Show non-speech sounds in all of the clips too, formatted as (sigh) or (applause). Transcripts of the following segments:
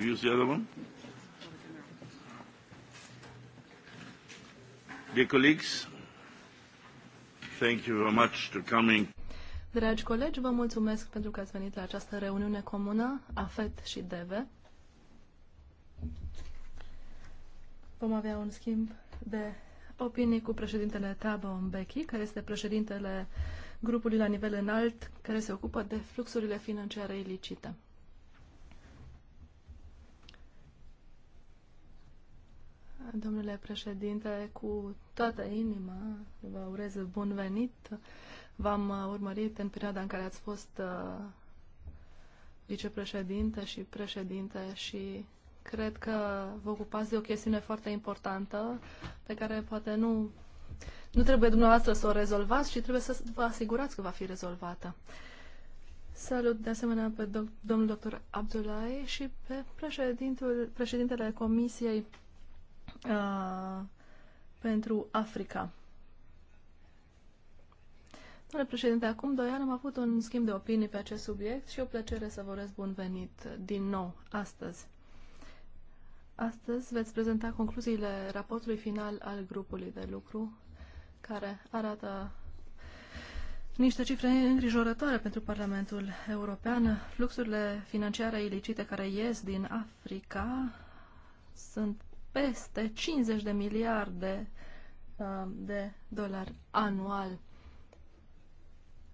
you use the other one? Dear colleagues, thank you very much for coming. Dragi colegi, vă mulțumesc pentru că ați venit la această reuniune comună, a FET și DEVE. Vom avea un schimb de opinii cu președintele Tabo Mbeki, care este președintele grupului la nivel înalt care se ocupă de fluxurile financiare ilicite. domnule președinte, cu toată inima vă urez bun venit. V-am uh, urmărit în perioada în care ați fost uh, vicepreședinte și președinte și cred că vă ocupați de o chestiune foarte importantă pe care poate nu, nu trebuie dumneavoastră să o rezolvați, ci trebuie să vă asigurați că va fi rezolvată. Salut de asemenea pe domnul doctor Abdullahi și pe președintele Comisiei pentru Africa. Domnule președinte, acum doi ani am avut un schimb de opinii pe acest subiect și o plăcere să vă urez bun venit din nou astăzi. Astăzi veți prezenta concluziile raportului final al grupului de lucru, care arată niște cifre îngrijorătoare pentru Parlamentul European. Fluxurile financiare ilicite care ies din Africa sunt peste 50 de miliarde uh, de dolari anual.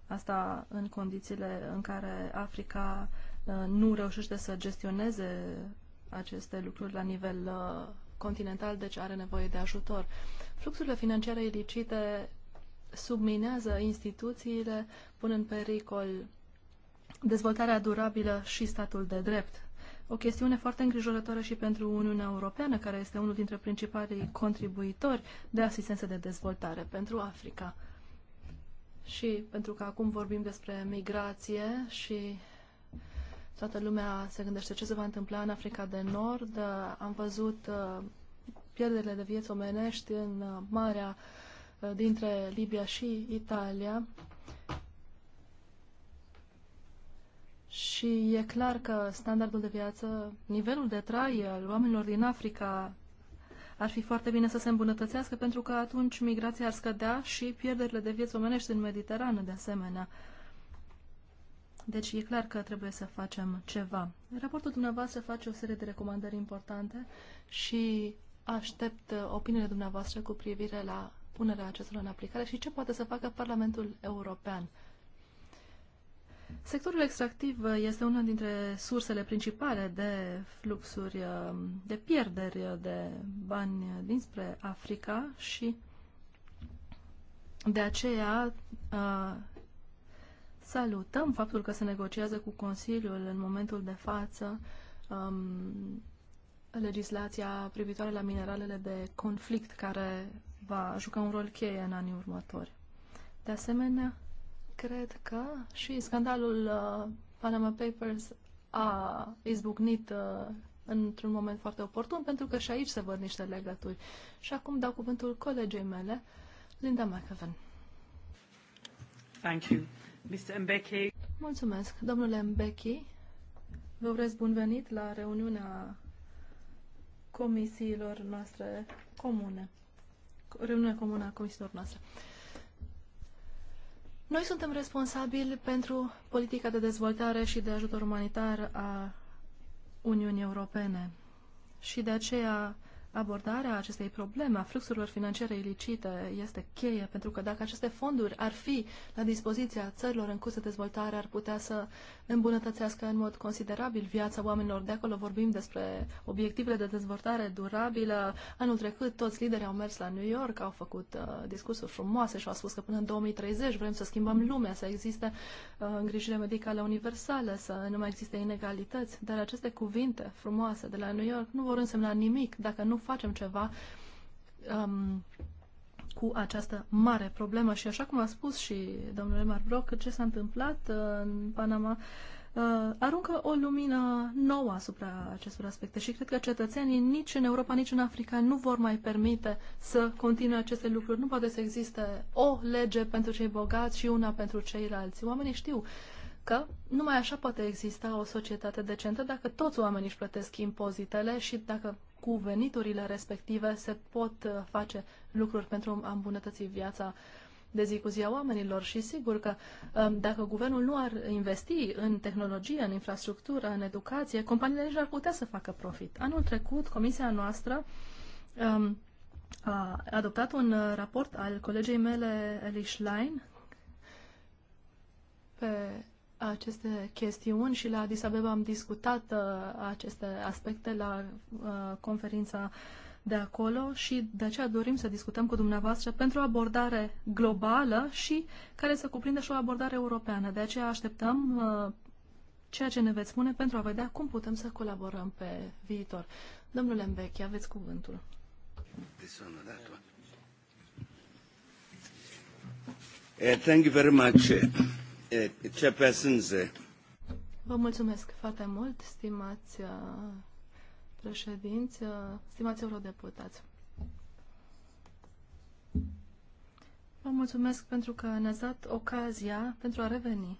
Asta în condițiile în care Africa uh, nu reușește să gestioneze aceste lucruri la nivel uh, continental, deci are nevoie de ajutor. Fluxurile financiare ilicite subminează instituțiile, pun în pericol dezvoltarea durabilă și statul de drept o chestiune foarte îngrijorătoare și pentru Uniunea Europeană, care este unul dintre principalii contribuitori de asistență de dezvoltare pentru Africa. Și pentru că acum vorbim despre migrație și toată lumea se gândește ce se va întâmpla în Africa de Nord, uh, am văzut uh, pierderile de vieți omenești în uh, Marea dintre Libia și Italia Și e clar că standardul de viață, nivelul de trai al oamenilor din Africa ar fi foarte bine să se îmbunătățească pentru că atunci migrația ar scădea și pierderile de vieți omenești în Mediterană de asemenea. Deci e clar că trebuie să facem ceva. Raportul dumneavoastră face o serie de recomandări importante și aștept opiniile dumneavoastră cu privire la punerea acestora în aplicare și ce poate să facă Parlamentul European. Sectorul extractiv uh, este una dintre sursele principale de fluxuri, uh, de pierderi uh, de bani dinspre Africa și de aceea salutăm faptul că se negociază cu Consiliul în momentul de față um, legislația privitoare la mineralele de conflict care va juca un rol cheie în anii următori. De asemenea, cred că și scandalul uh, Panama Papers a izbucnit uh, într-un moment foarte oportun, pentru că și aici se văd niște legături. Și acum dau cuvântul colegei mele, Linda McAven. Thank you. Mr. Mbeki. Mulțumesc. Domnule Mbeki, vă urez bun venit la reuniunea comisiilor noastre comune. Reuniunea comună a comisiilor noastre. Uh, noi suntem responsabili pentru politica de dezvoltare și de ajutor umanitar a Uniunii Europene și de aceea abordarea acestei probleme a fluxurilor financiare ilicite este cheie, pentru că dacă aceste fonduri ar fi la dispoziția țărilor în curs de dezvoltare, ar putea să îmbunătățească în mod considerabil viața oamenilor. De acolo vorbim despre obiectivele de dezvoltare durabilă. Anul trecut toți liderii au mers la New York, au făcut uh, discursuri frumoase și au spus că până în 2030 vrem să schimbăm lumea, să existe uh, îngrijire medicală universală, să nu mai existe inegalități. Dar aceste cuvinte frumoase de la New York nu vor însemna nimic dacă nu facem ceva um, cu această mare problemă. Și așa cum a spus și domnule Marbroc, ce s-a întâmplat uh, în Panama uh, aruncă o lumină nouă asupra acestor aspecte și cred că cetățenii nici în Europa, nici în Africa nu vor mai permite să continue aceste lucruri. Nu poate să existe o lege pentru cei bogați și una pentru ceilalți. Oamenii știu că numai așa poate exista o societate decentă dacă toți oamenii își plătesc impozitele și dacă cu veniturile respective se pot uh, face lucruri pentru a îmbunătăți viața de zi cu zi a oamenilor și sigur că um, dacă guvernul nu ar investi în tehnologie, în infrastructură, în educație, companiile nici nu ar putea să facă profit. Anul trecut, comisia noastră um, a adoptat un uh, raport al colegei mele, Eli Schlein, pe aceste chestiuni și la Addis Abeba am discutat uh, aceste aspecte la uh, conferința de acolo și de aceea dorim să discutăm cu dumneavoastră pentru o abordare globală și care să cuprindă și o abordare europeană. De aceea așteptăm uh, ceea ce ne veți spune pentru a vedea cum putem să colaborăm pe viitor. Domnule Mbechi, aveți cuvântul. Eh, thank you very much. Vă mulțumesc foarte mult, stimați uh, președinți, uh, stimați eurodeputați. Vă mulțumesc pentru că ne-ați dat ocazia pentru a reveni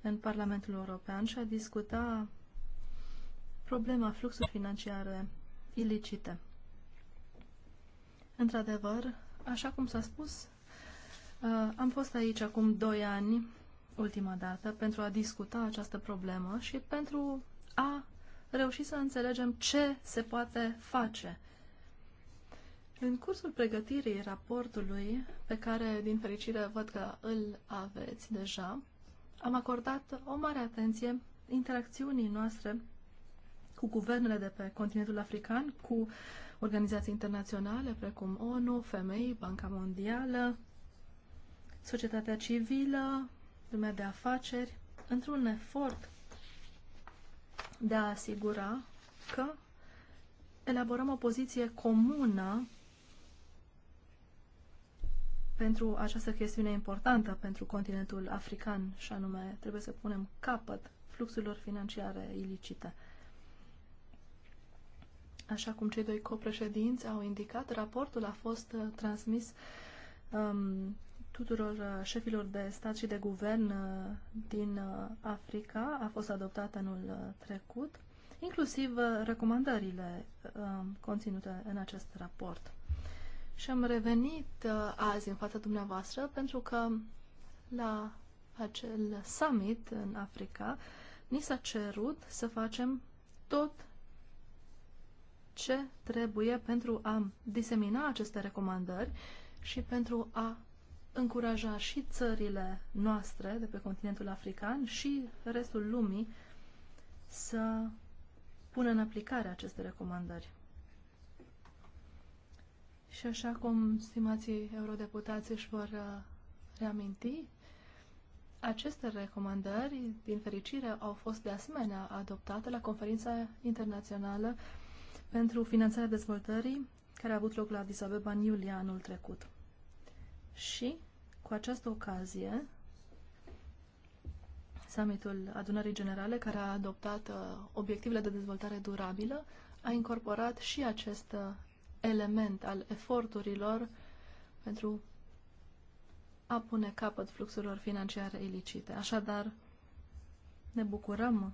în Parlamentul European și a discuta problema fluxului financiare ilicite. Într-adevăr, așa cum s-a spus, uh, am fost aici acum doi ani ultima dată pentru a discuta această problemă și pentru a reuși să înțelegem ce se poate face. În cursul pregătirii raportului, pe care, din fericire, văd că îl aveți deja, am acordat o mare atenție interacțiunii noastre cu guvernele de pe continentul african, cu organizații internaționale precum ONU, Femei, Banca Mondială, societatea civilă, lumea de afaceri, într-un efort de a asigura că elaborăm o poziție comună pentru această chestiune importantă pentru continentul african, și anume trebuie să punem capăt fluxurilor financiare ilicite. Așa cum cei doi copreședinți au indicat, raportul a fost uh, transmis um, tuturor uh, șefilor de stat și de guvern uh, din uh, Africa a fost adoptată anul trecut, inclusiv recomandările conținute în acest raport. Și am revenit azi în fața dumneavoastră pentru că la acel summit în Africa ni s-a cerut să facem tot ce trebuie pentru a disemina aceste recomandări și pentru a încuraja și țările noastre de pe continentul african și restul lumii să pună în aplicare aceste recomandări. Și așa cum stimații eurodeputați își vor uh, reaminti, aceste recomandări, din fericire, au fost de asemenea adoptate la conferința internațională pentru finanțarea dezvoltării care a avut loc la Addis Abeba în iulie anul trecut și cu această ocazie summitul adunării generale care a adoptat uh, obiectivele de dezvoltare durabilă a incorporat și acest uh, element al eforturilor pentru a pune capăt fluxurilor financiare ilicite. Așadar, ne bucurăm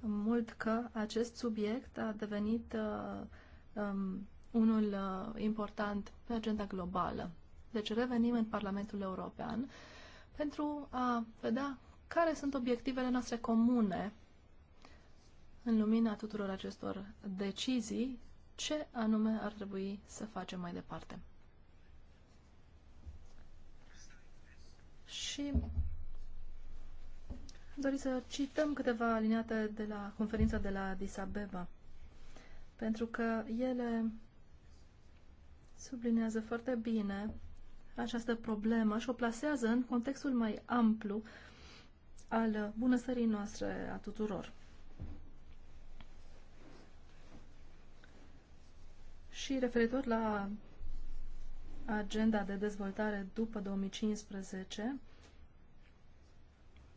mult că acest subiect a devenit uh, um, unul uh, important pe agenda globală. Deci revenim în Parlamentul European pentru a vedea care sunt obiectivele noastre comune în lumina tuturor acestor decizii, ce anume ar trebui să facem mai departe. Și dori să cităm câteva aliniate de la conferința de la Disabeva, pentru că ele sublinează foarte bine această problemă și o plasează în contextul mai amplu al bunăstării noastre a tuturor. Și referitor la agenda de dezvoltare după 2015,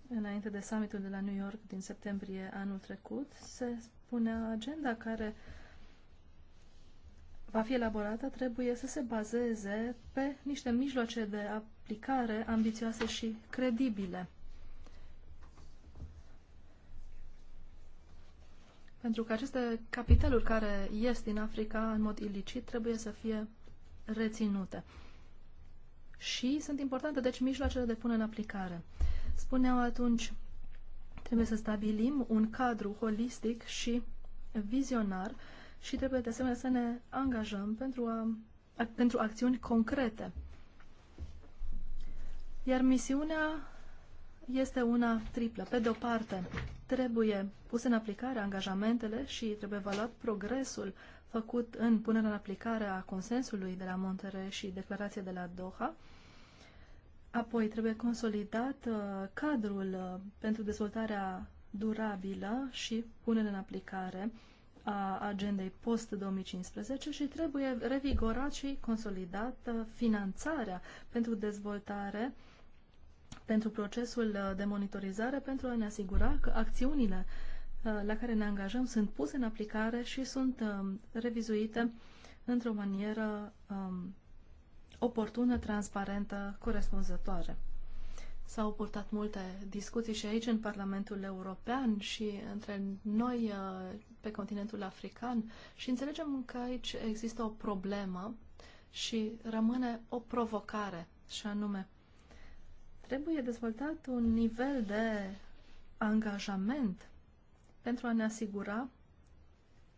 înainte de summitul de la New York din septembrie anul trecut, se spune agenda care uh, va fi elaborată trebuie să se bazeze pe niște mijloace de aplicare ambițioase și credibile. Pentru că aceste capitaluri care ies din Africa în mod ilicit trebuie să fie reținute. Și sunt importante, deci, mijloacele de pune în aplicare. Spuneau atunci, trebuie să stabilim un cadru holistic și vizionar uh, și trebuie de asemenea să ne angajăm pentru, a, pentru acțiuni concrete. Iar misiunea este una triplă. Pe de o parte, trebuie pus în aplicare angajamentele și trebuie evaluat progresul făcut în punerea în aplicare a consensului de la Montere și declarația de la Doha. Apoi trebuie consolidat uh, cadrul uh, pentru dezvoltarea durabilă și punerea în aplicare a agendei post-2015 și trebuie revigorat și consolidat uh, finanțarea pentru dezvoltare, pentru procesul uh, de monitorizare, pentru a ne asigura că acțiunile uh, la care ne angajăm sunt puse în aplicare și sunt um, revizuite într-o manieră um, oportună, transparentă, corespunzătoare. S-au purtat multe discuții și aici în Parlamentul European și între noi pe continentul african și înțelegem că aici există o problemă și rămâne o provocare, și anume trebuie dezvoltat un nivel de angajament pentru a ne asigura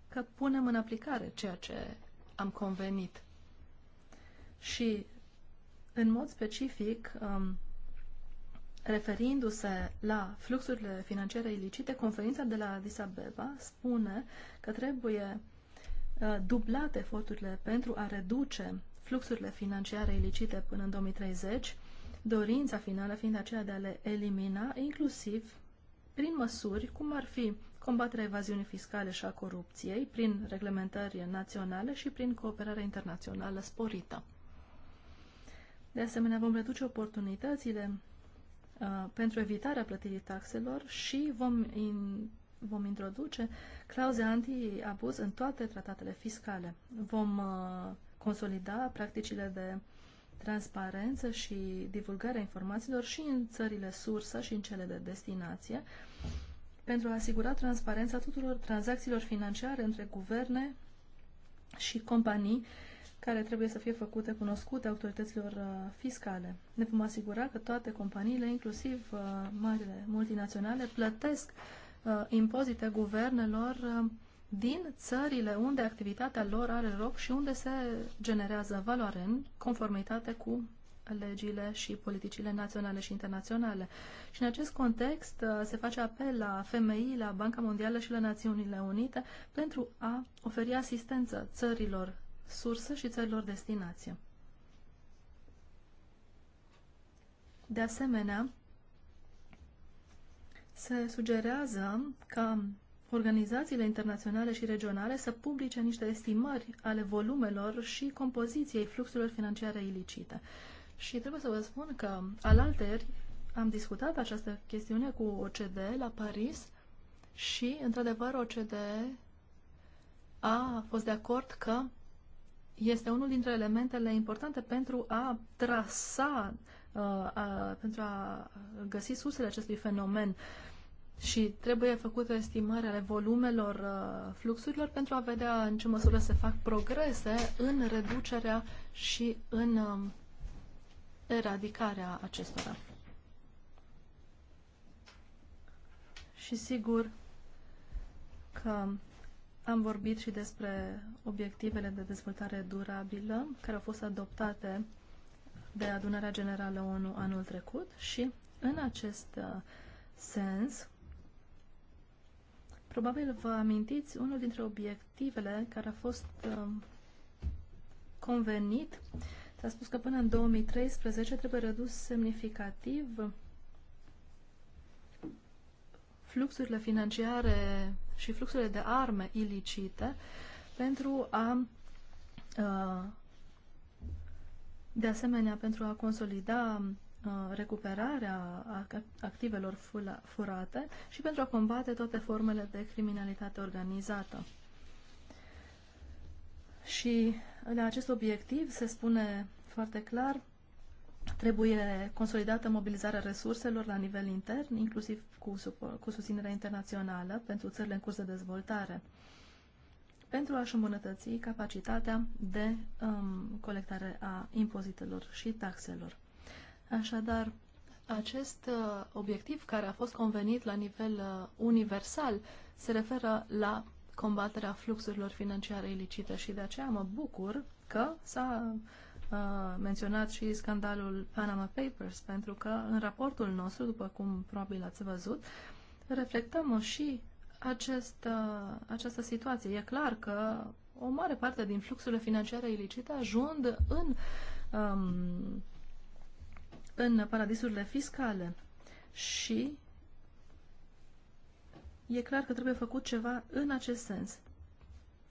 că punem în aplicare ceea ce am convenit. Și, în mod specific, um, Referindu-se la fluxurile financiare ilicite, conferința de la Addis Abeba spune că trebuie uh, dublate eforturile pentru a reduce fluxurile financiare ilicite până în 2030, dorința finală fiind aceea de a le elimina, inclusiv prin măsuri cum ar fi combaterea evaziunii fiscale și a corupției, prin reglementări naționale și prin cooperare internațională sporită. De asemenea, vom reduce oportunitățile Uh, pentru evitarea plătirii taxelor și vom, in, vom introduce clauze anti-abuz în toate tratatele fiscale. Vom uh, consolida practicile de transparență și divulgarea informațiilor și în țările sursă și în cele de destinație pentru a asigura transparența tuturor tranzacțiilor financiare între guverne și companii uh, care trebuie să fie făcute cunoscute autorităților uh, fiscale. Ne vom asigura că toate companiile, inclusiv uh, marile multinaționale, plătesc uh, impozite guvernelor din țările unde activitatea lor are loc și unde se generează valoare în conformitate cu legile și politicile naționale și internaționale. Și în acest context se face apel la FMI, la Banca Mondială și la Națiunile Unite pentru a oferi asistență țărilor sursă și țărilor destinație. De asemenea, se sugerează ca organizațiile internaționale și regionale să publice niște estimări ale volumelor și compoziției fluxurilor financiare ilicite. Și trebuie să vă spun că alalteri am discutat această chestiune cu OCD la Paris și, într-adevăr, OCD a fost de acord că este unul dintre elementele importante pentru a trasa, uh, a, pentru a găsi sursele acestui fenomen și trebuie făcută estimarea ale volumelor uh, fluxurilor pentru a vedea în ce măsură se fac progrese în reducerea și în um, eradicarea acestora. Și sigur că am vorbit și despre obiectivele de dezvoltare durabilă care au fost adoptate de Adunarea Generală ONU anul trecut și în acest uh, sens probabil vă amintiți unul dintre obiectivele care a fost um, convenit S-a spus că până în 2013 trebuie redus semnificativ fluxurile financiare și fluxurile de arme ilicite pentru a de asemenea pentru a consolida recuperarea activelor furate și pentru a combate toate formele de criminalitate organizată. Și la acest obiectiv se spune foarte clar Trebuie consolidată mobilizarea resurselor la nivel intern, inclusiv cu, cu susținerea internațională pentru țările în curs de dezvoltare, pentru a-și îmbunătăți capacitatea de um, colectare a impozitelor și taxelor. Așadar, acest uh, obiectiv care a fost convenit la nivel uh, universal se referă la combaterea fluxurilor financiare ilicite și de aceea mă bucur că s-a uh, menționat și scandalul Panama Papers, pentru că în raportul nostru, după cum probabil ați văzut, reflectăm și acest, această situație. E clar că o mare parte din fluxurile financiare ilicite ajung în, um, în paradisurile fiscale și e clar că trebuie făcut ceva în acest sens.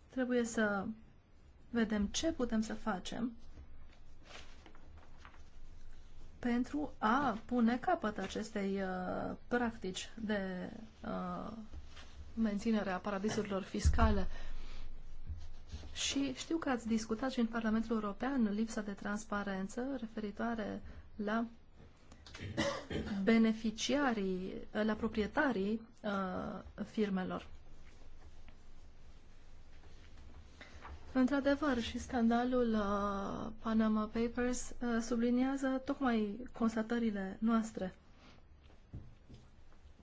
Trebuie să vedem ce putem să facem pentru a pune capăt acestei uh, practici de uh, menținere a paradisurilor fiscale. Și știu că ați discutat și în Parlamentul European lipsa de transparență referitoare la beneficiarii, la proprietarii uh, firmelor. Într-adevăr, și scandalul uh, Panama Papers uh, subliniază tocmai constatările noastre.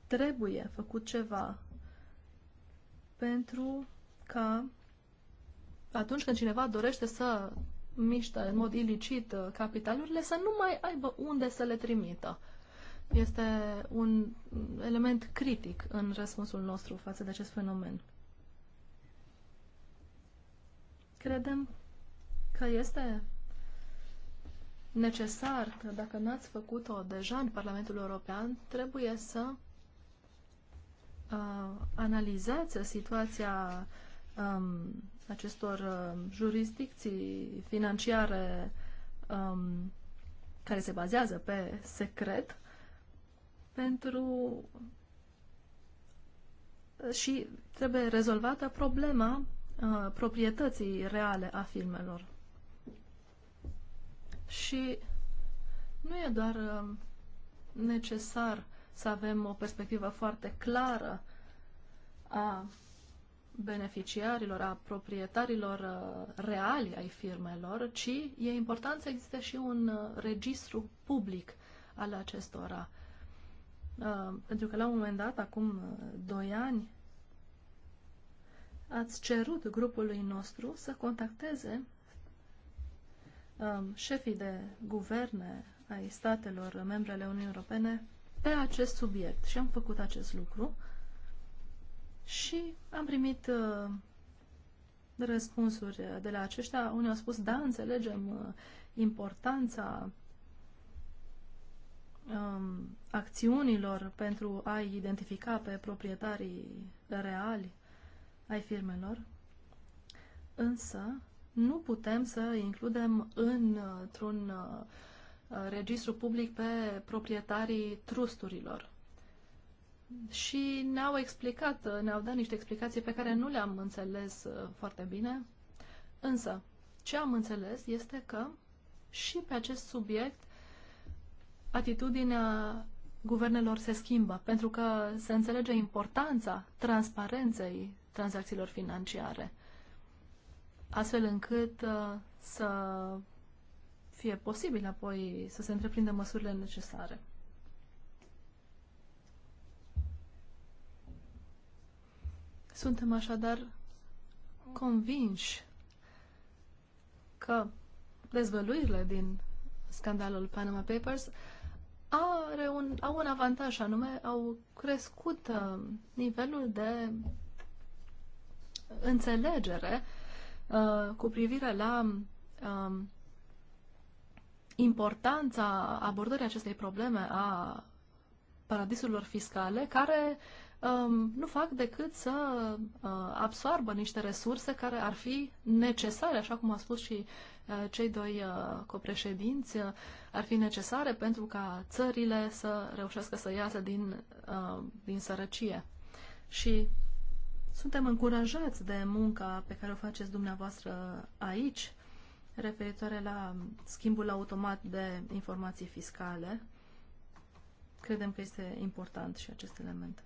Trebuie făcut ceva pentru ca atunci când cineva dorește să miște în mod ilicit uh, capitalurile, să nu mai aibă unde să le trimită. Este un element critic în răspunsul nostru față de acest fenomen. Credem că este necesar că dacă n-ați făcut-o deja în Parlamentul European, trebuie să uh, analizați situația um, acestor uh, jurisdicții financiare um, care se bazează pe secret pentru uh, și trebuie rezolvată problema Uh, proprietății reale a filmelor. Și nu e doar uh, necesar să avem o perspectivă foarte clară a beneficiarilor, a proprietarilor uh, reali ai firmelor, ci e important să existe și un registru public al acestora. pentru că la un moment dat, acum doi ani, ați cerut grupului nostru să contacteze um, șefii de guverne ai statelor membre ale Uniunii Europene pe acest subiect și am făcut acest lucru și am primit uh, răspunsuri de la aceștia. Unii au spus, da, înțelegem uh, importanța um, acțiunilor pentru a identifica pe proprietarii reali ai firmelor, însă nu putem să includem într-un uh, registru public pe proprietarii trusturilor. Și ne-au explicat, uh, ne-au dat niște explicații pe care nu le-am înțeles uh, foarte bine, însă ce am înțeles este că și pe acest subiect atitudinea guvernelor se schimbă, pentru că se înțelege importanța transparenței tranzacțiilor financiare, astfel încât uh, să fie posibil apoi să se întreprindă măsurile necesare. Suntem așadar convinși că dezvăluirile din scandalul Panama Papers are un, au un avantaj anume, au crescut uh, nivelul de înțelegere uh, cu privire la uh, importanța abordării acestei probleme a paradisurilor fiscale, care uh, nu fac decât să uh, absoarbă niște resurse care ar fi necesare, așa cum a spus și uh, cei doi uh, copreședinți, uh, ar fi necesare pentru ca țările să reușească să iasă din, din sărăcie. Și suntem încurajați de munca pe care o faceți dumneavoastră aici, referitoare la schimbul automat de informații fiscale. Credem că este important și acest element.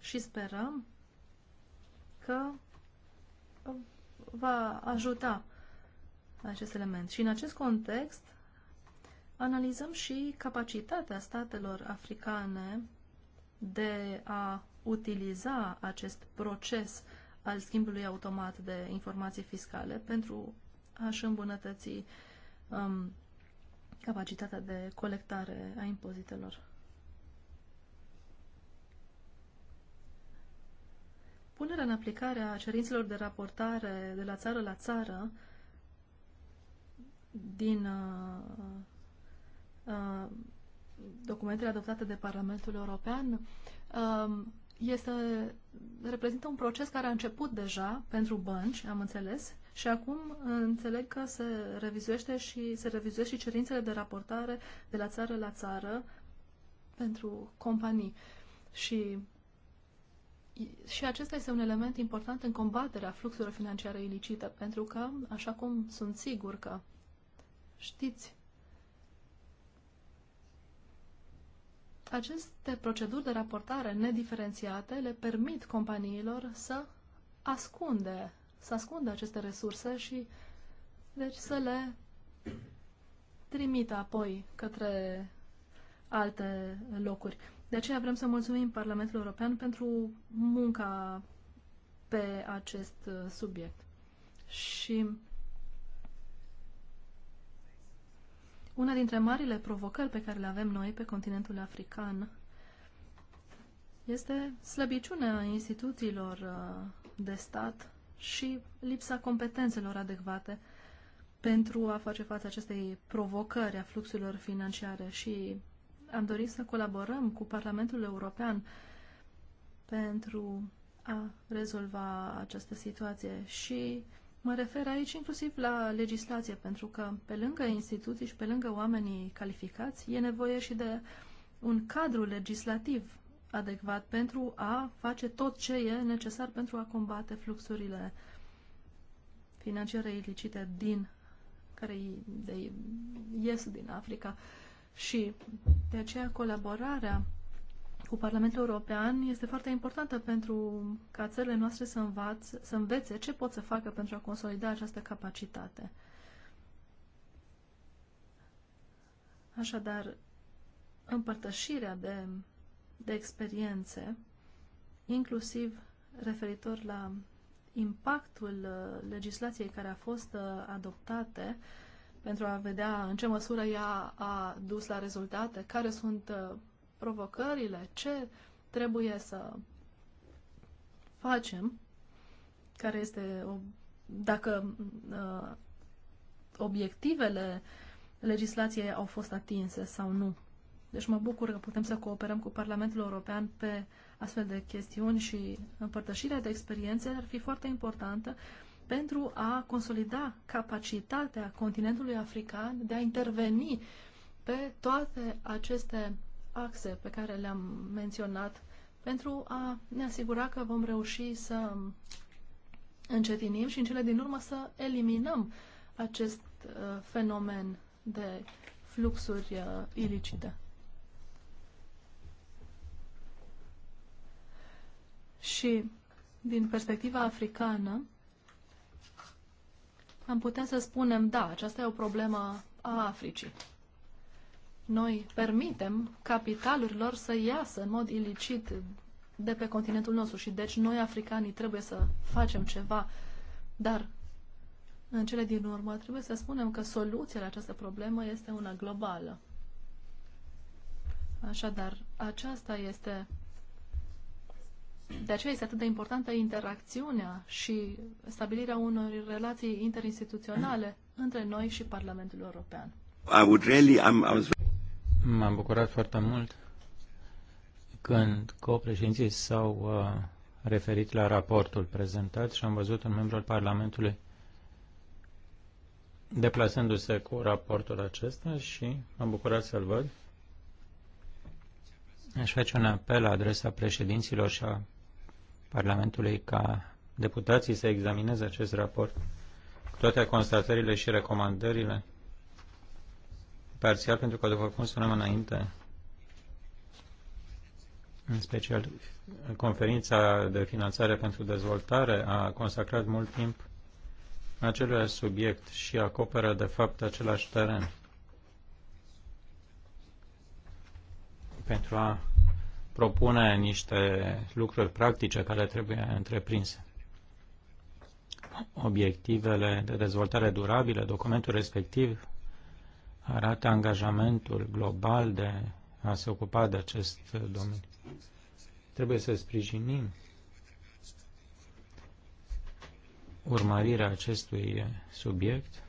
Și sperăm că va ajuta acest element. Și în acest context analizăm și capacitatea statelor africane de a utiliza acest proces al schimbului automat de informații fiscale pentru a-și îmbunătăți um, capacitatea de colectare a impozitelor. Punerea în aplicare a cerințelor de raportare de la țară la țară din uh, uh, documentele adoptate de Parlamentul European um, este, reprezintă un proces care a început deja pentru bănci, am înțeles, și acum înțeleg că se revizuiește și se revizuiește și cerințele de raportare de la țară la țară pentru companii. Și și acesta este un element important în combaterea fluxurilor financiare ilicite, pentru că, așa cum sunt sigur că știți Aceste proceduri de raportare nediferențiate le permit companiilor să ascunde, să ascundă aceste resurse și deci să le trimită apoi către alte locuri. De aceea vrem să mulțumim Parlamentul European pentru munca pe acest subiect. Și Una dintre marile provocări pe care le avem noi pe continentul african este slăbiciunea instituțiilor uh, de stat și lipsa competențelor adecvate pentru a face față acestei provocări a fluxurilor financiare și am dorit să colaborăm cu Parlamentul European pentru a rezolva această situație și Mă refer aici inclusiv la legislație, pentru că pe lângă instituții și pe lângă oamenii calificați e nevoie și de un cadru legislativ adecvat pentru a face tot ce e necesar pentru a combate fluxurile financiare ilicite din care de, ies din Africa și de aceea colaborarea cu Parlamentul European este foarte importantă pentru ca țările noastre să, învaț, să învețe ce pot să facă pentru a consolida această capacitate. Așadar, împărtășirea de, de experiențe, inclusiv referitor la impactul uh, legislației care a fost uh, adoptate, pentru a vedea în ce măsură ea a dus la rezultate, care sunt uh, provocările, ce trebuie să facem, care este, o, dacă uh, obiectivele legislației au fost atinse sau nu. Deci mă bucur că putem să cooperăm cu Parlamentul European pe astfel de chestiuni și împărtășirea de experiențe ar fi foarte importantă pentru a consolida capacitatea continentului african de a interveni pe toate aceste axe pe care le-am menționat pentru a ne asigura că vom reuși să încetinim și în cele din urmă să eliminăm acest uh, fenomen de fluxuri uh, ilicite. Și din perspectiva africană, am putea să spunem, da, aceasta e o problemă a Africii noi permitem capitalurilor să iasă în mod ilicit de pe continentul nostru și deci noi africanii trebuie să facem ceva, dar în cele din urmă trebuie să spunem că soluția la această problemă este una globală. Așadar, aceasta este de aceea este atât de importantă interacțiunea și stabilirea unor relații interinstituționale între noi și Parlamentul European. I would really, I'm, I was... M-am bucurat foarte mult când copreședinții s-au uh, referit la raportul prezentat și am văzut un membru al Parlamentului deplasându-se cu raportul acesta și m-am bucurat să-l văd. Aș face un apel la adresa președinților și a Parlamentului ca deputații să examineze acest raport cu toate constatările și recomandările parțial pentru că, după cum spuneam înainte, în special conferința de finanțare pentru dezvoltare a consacrat mult timp acelui subiect și acoperă, de fapt, același teren. Pentru a propune niște lucruri practice care trebuie întreprinse. Obiectivele de dezvoltare durabilă, documentul respectiv, arată angajamentul global de a se ocupa de acest domeniu. Trebuie să sprijinim urmărirea acestui subiect.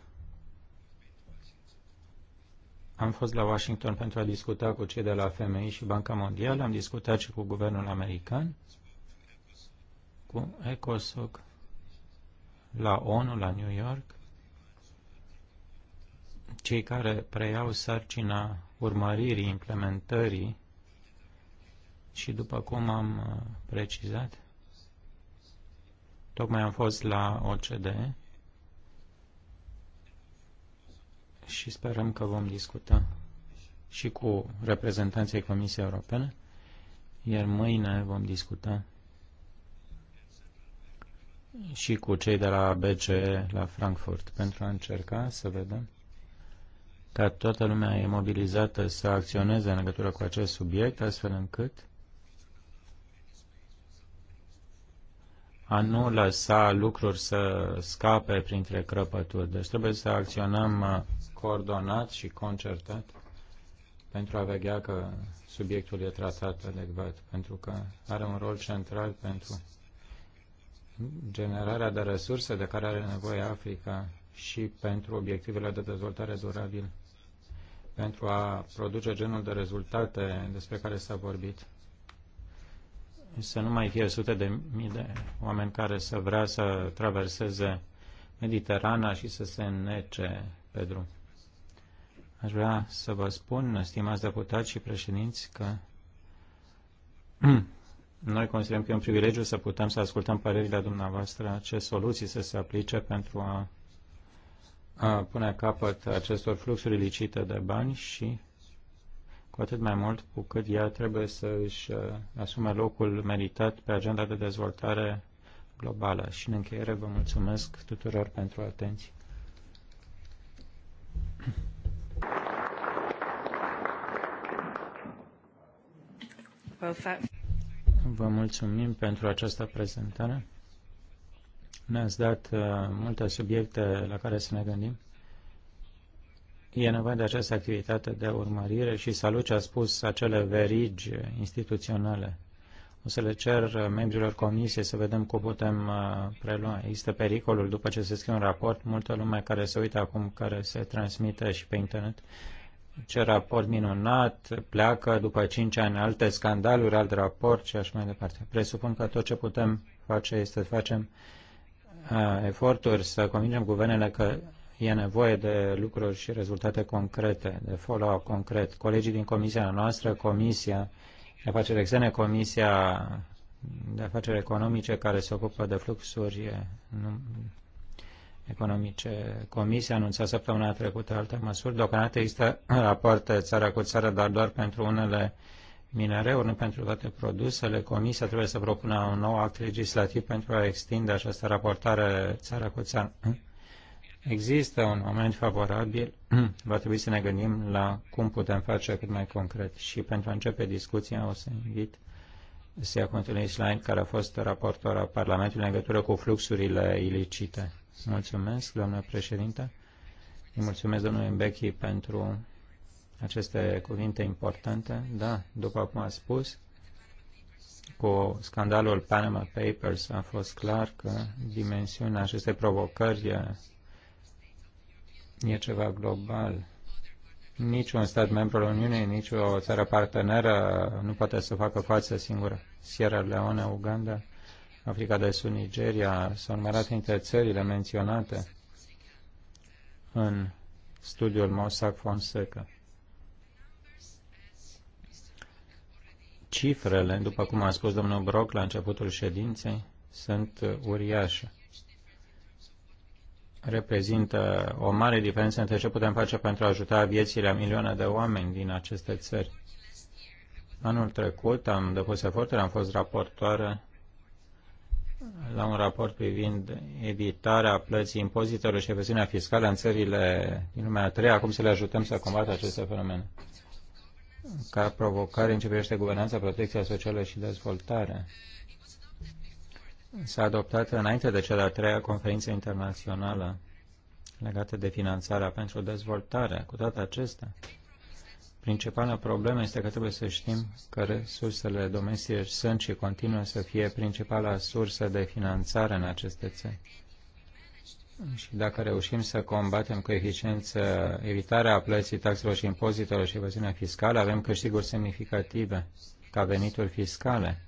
Am fost la Washington pentru a discuta cu cei de la FMI și Banca Mondială, am discutat și cu guvernul american, cu ECOSOC, la ONU, la New York cei care preiau sarcina urmăririi, implementării și după cum am uh, precizat, tocmai am fost la OCD și sperăm că vom discuta și cu reprezentanții Comisiei Europene, iar mâine vom discuta și cu cei de la BCE la Frankfurt pentru a încerca să vedem că toată lumea e mobilizată să acționeze în legătură cu acest subiect, astfel încât a nu lăsa lucruri să scape printre crăpături. Deci trebuie să acționăm uh, coordonat și concertat pentru a vedea că subiectul e tratat adecvat, pentru că are un rol central pentru generarea de resurse de care are nevoie Africa și pentru obiectivele de dezvoltare durabilă pentru a produce genul de rezultate despre care s-a vorbit. Să nu mai fie sute de mii de oameni care să vrea să traverseze Mediterana și să se nece pe drum. Aș vrea să vă spun, stimați deputați și președinți, că (clears throat) noi considerăm că e un privilegiu să putem să ascultăm părerile dumneavoastră, ce soluții să se aplice pentru a pune capăt acestor fluxuri ilicite de bani și cu atât mai mult cu cât ea trebuie să își asume locul meritat pe agenda de dezvoltare globală. Și în încheiere vă mulțumesc tuturor pentru atenție. Vă mulțumim pentru această prezentare. Ne-ați dat uh, multe subiecte la care să ne gândim. E nevoie de această activitate de urmărire și salut ce a spus acele verigi instituționale. O să le cer uh, membrilor comisiei să vedem cum putem uh, prelua. Există pericolul, după ce se scrie un raport, multă lume care se uită acum, care se transmite și pe internet, ce raport minunat, pleacă după 5 ani alte scandaluri, alt raport și așa mai departe. Presupun că tot ce putem face este să facem uh, eforturi să convingem guvernele că e nevoie de lucruri și rezultate concrete, de follow-up concret. Colegii din comisia noastră, Comisia de Afaceri Externe, Comisia de Afaceri Economice care se ocupă de fluxuri economice. Comisia anunța săptămâna trecută alte măsuri. Deocamdată există rapoarte țara cu țară, dar doar pentru unele uh, minereuri, pentru toate produsele, Comisia trebuie să propună un nou act legislativ pentru a extinde această raportare țară cu țară. Există un moment favorabil, (clears throat) va trebui să ne gândim la cum putem face cât mai concret. Și pentru a începe discuția o să invit să ia continuă Island, care a fost raportor al Parlamentului în legătură cu fluxurile ilicite. Mulțumesc, doamnă președinte. Îi mulțumesc, domnului Becchi, pentru aceste cuvinte importante. Da, după cum a spus, cu scandalul Panama Papers a fost clar că dimensiunea acestei provocări e ceva global. Niciun stat membru al Uniunii, nici o țară parteneră nu poate să facă față singură. Sierra Leone, Uganda, Africa de Sud, Nigeria s-au numărat între țările menționate în studiul Mossack Fonseca. Cifrele, după cum a spus domnul Brock la începutul ședinței, sunt uriașe. Reprezintă o mare diferență între ce putem face pentru a ajuta viețile a milioane de oameni din aceste țări. Anul trecut am depus eforturi, am fost raportoare la un raport privind evitarea plății impozitelor și evaziunea fiscală în țările din lumea a treia, acum să le ajutăm să combată aceste fenomene ca provocare în ce privește guvernanța, protecția socială și dezvoltarea. S-a adoptat înainte de cea de-a treia conferință internațională legată de finanțarea pentru dezvoltare. Cu toate acestea, principala problemă este că trebuie să știm că resursele domestice sunt și continuă să fie principala sursă de finanțare în aceste țări și dacă reușim să combatem cu eficiență evitarea plății taxelor și impozitelor și evaziunea fiscală, avem câștiguri semnificative ca venituri fiscale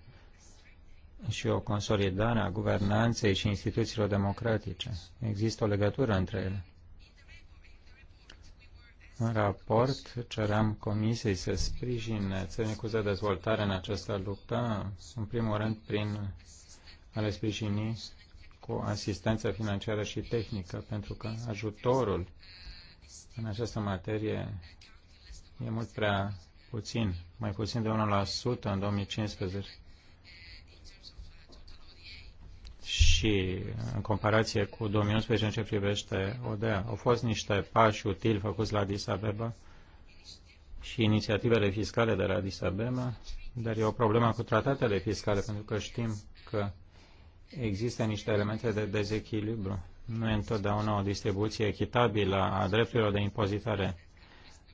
și o consolidare a guvernanței și instituțiilor democratice. Există o legătură între ele. În raport ceream Comisiei să sprijine țările cu de dezvoltare în această luptă, în primul rând prin a le sprijini cu asistență financiară și tehnică, pentru că ajutorul în această materie e mult prea puțin, mai puțin de 1% în 2015. Și în comparație cu 2011 în ce privește ODEA, au fost niște pași utili făcuți la Addis Abeba și inițiativele fiscale de la Addis Abeba, dar e o problemă cu tratatele fiscale, pentru că știm că există niște elemente de dezechilibru. Nu e întotdeauna o distribuție echitabilă a drepturilor de impozitare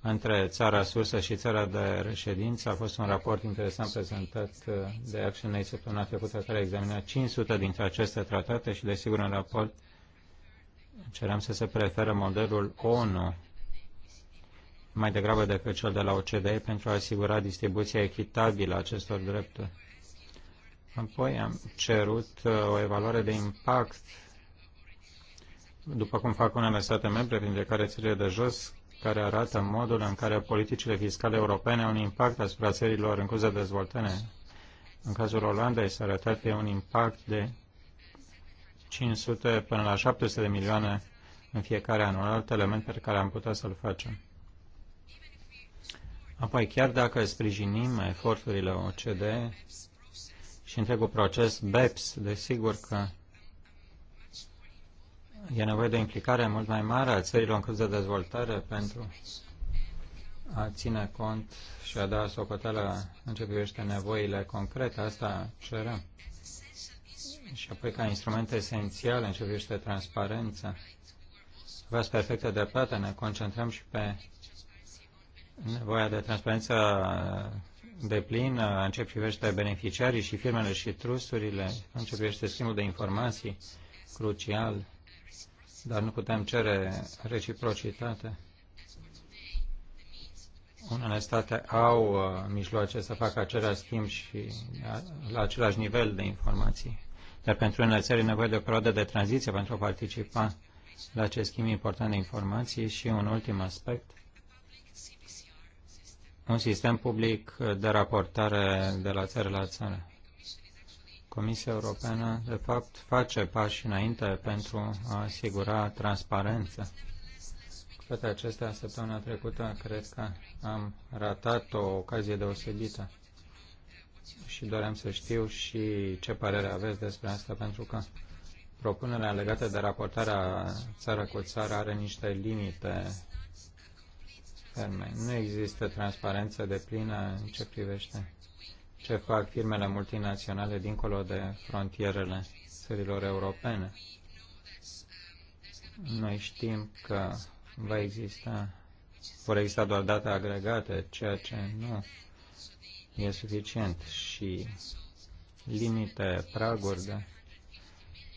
între țara sursă și țara de reședință. A fost un raport interesant prezentat uh, de Action Aid săptămâna trecută care examina 500 dintre aceste tratate și, desigur, în raport cerem să se preferă modelul ONU mai degrabă decât cel de la OCDE pentru a asigura distribuția echitabilă a acestor drepturi. Apoi am cerut uh, o evaluare de impact, după cum fac unele state membre, printre care țările de jos, care arată modul în care politicile fiscale europene au un impact asupra țărilor în curs de dezvoltare. În cazul Olandei s-a arătat că e un impact de 500 până la 700 de milioane în fiecare an, un alt element pe care am putea să-l facem. Apoi, chiar dacă sprijinim eforturile OCDE, și întregul proces BEPS, desigur că e nevoie de o implicare mult mai mare a țărilor în curs de dezvoltare pentru a ține cont și a da socoteală în ce privește nevoile concrete. Asta cerem. Și apoi ca instrument esențial în ce privește transparența. Aveți de plată, ne concentrăm și pe nevoia de transparență deplin în ce privește beneficiarii și firmele și trusturile, în ce privește schimbul de informații, crucial, dar nu putem cere reciprocitate. Unele state au uh, mijloace să facă același schimb și uh, la același nivel de informații, dar pentru unele țări e nevoie de o perioadă de tranziție pentru a participa la acest schimb important de informații și un ultim aspect – un sistem public de raportare de la țară la țară. Comisia Europeană, de fapt, face pași înainte pentru a asigura transparență. Cu toate acestea, săptămâna trecută, cred că am ratat o ocazie deosebită și doream să știu și ce părere aveți despre asta, pentru că propunerea legată de raportarea țară cu țară are niște limite ferme. Nu există transparență de plină în ce privește ce fac firmele multinaționale dincolo de frontierele țărilor europene. Noi știm că va exista, vor exista doar date agregate, ceea ce nu e suficient și limite, praguri de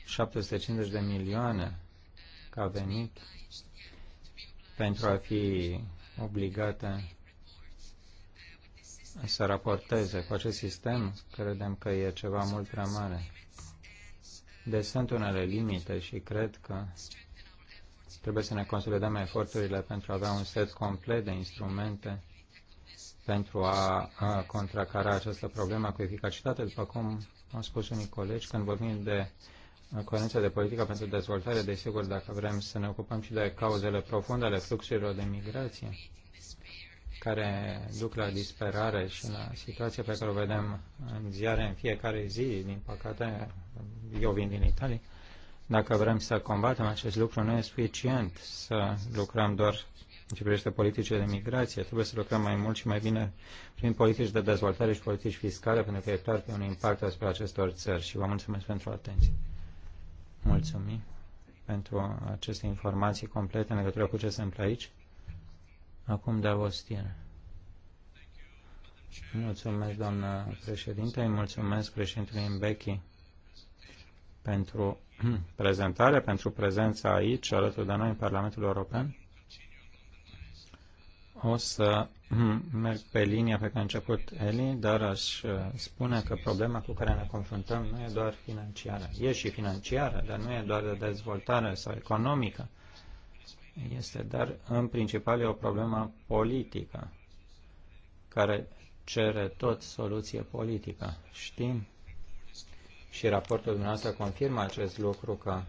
750 de milioane ca venit pentru a fi obligate să raporteze cu acest sistem, credem că e ceva mult prea mare. Deci sunt unele limite și cred că trebuie să ne consolidăm eforturile pentru a avea un set complet de instrumente pentru a, a contracara această problemă cu eficacitate, după cum au spus unii colegi, când vorbim de în coerență de politică pentru dezvoltare, desigur, dacă vrem să ne ocupăm și de cauzele profunde ale fluxurilor de migrație, care duc la disperare și la situația pe care o vedem în ziare în fiecare zi, din păcate, eu vin din Italia, dacă vrem să combatem acest lucru, nu e suficient să lucrăm doar în ce privește politicile de migrație. Trebuie să lucrăm mai mult și mai bine prin politici de dezvoltare și politici fiscale, pentru că e clar că e un impact asupra acestor țări. Și vă mulțumesc pentru atenție. Mulțumim pentru aceste informații complete în legătură cu ce se întâmplă aici. Acum de Austin. Mulțumesc, doamnă președinte, îi mulțumesc președintelui Mbeki pentru (clears throat) prezentare, pentru prezența aici, alături de noi în Parlamentul European. O să hmm, merg pe linia pe care a început Eli, dar aș uh, spune că problema cu care ne confruntăm nu e doar financiară. E și financiară, dar nu e doar de dezvoltare sau economică. Este, dar în principal e o problemă politică care cere tot soluție politică. Știm și raportul dumneavoastră confirmă acest lucru că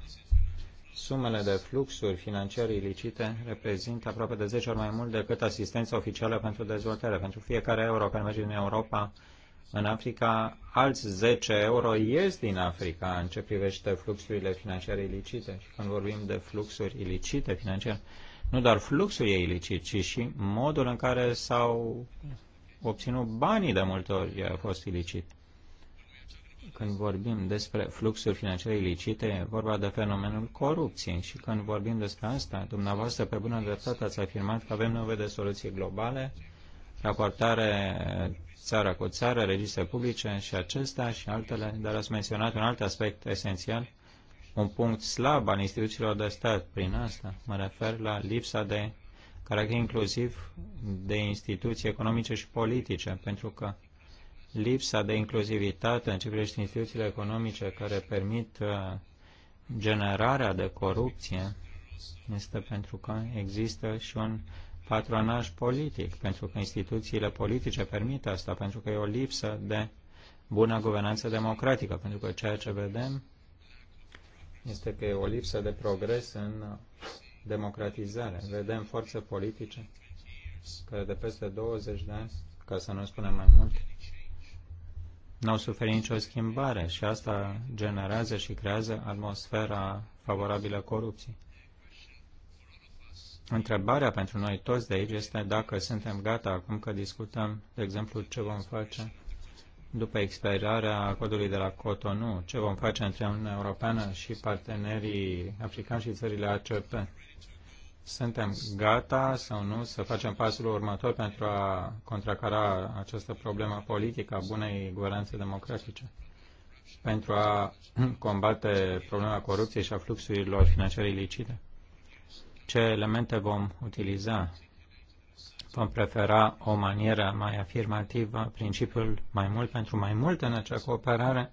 Sumele de fluxuri financiare ilicite reprezintă aproape de 10 ori mai mult decât asistența oficială pentru dezvoltare. Pentru fiecare euro care merge din Europa în Africa, alți 10 euro ies din Africa în ce privește fluxurile financiare ilicite. Și când vorbim de fluxuri ilicite financiare, nu doar fluxul e ilicit, ci și modul în care s-au obținut banii de multe ori a fost ilicit când vorbim despre fluxuri financiare ilicite, e vorba de fenomenul corupției și când vorbim despre asta, dumneavoastră pe bună dreptate ați afirmat că avem nevoie de soluții globale, raportare țara cu țară, registre publice și acestea și altele, dar ați menționat un alt aspect esențial, un punct slab al instituțiilor de stat prin asta. Mă refer la lipsa de caracter inclusiv de instituții economice și politice, pentru că lipsa de inclusivitate în ce privește instituțiile economice care permit uh, generarea de corupție este pentru că există și un patronaj politic, pentru că instituțiile politice permit asta, pentru că e o lipsă de bună guvernanță democratică, pentru că ceea ce vedem este că e o lipsă de progres în democratizare. Vedem forțe politice care de peste 20 de ani, ca să nu spunem mai mult, n-au suferit nicio schimbare și asta generează și creează atmosfera favorabilă corupției. Întrebarea pentru noi toți de aici este dacă suntem gata acum că discutăm, de exemplu, ce vom face după expirarea codului de la Cotonou, ce vom face între Uniunea Europeană și partenerii africani și țările ACP. Suntem gata sau nu să facem pasul următor pentru a contracara această problemă politică a bunei guvernanțe democratice, pentru a (clears throat) combate problema corupției și a fluxurilor financiare ilicite? Ce elemente vom utiliza? Vom prefera o manieră mai afirmativă, principiul mai mult pentru mai mult în acea cooperare?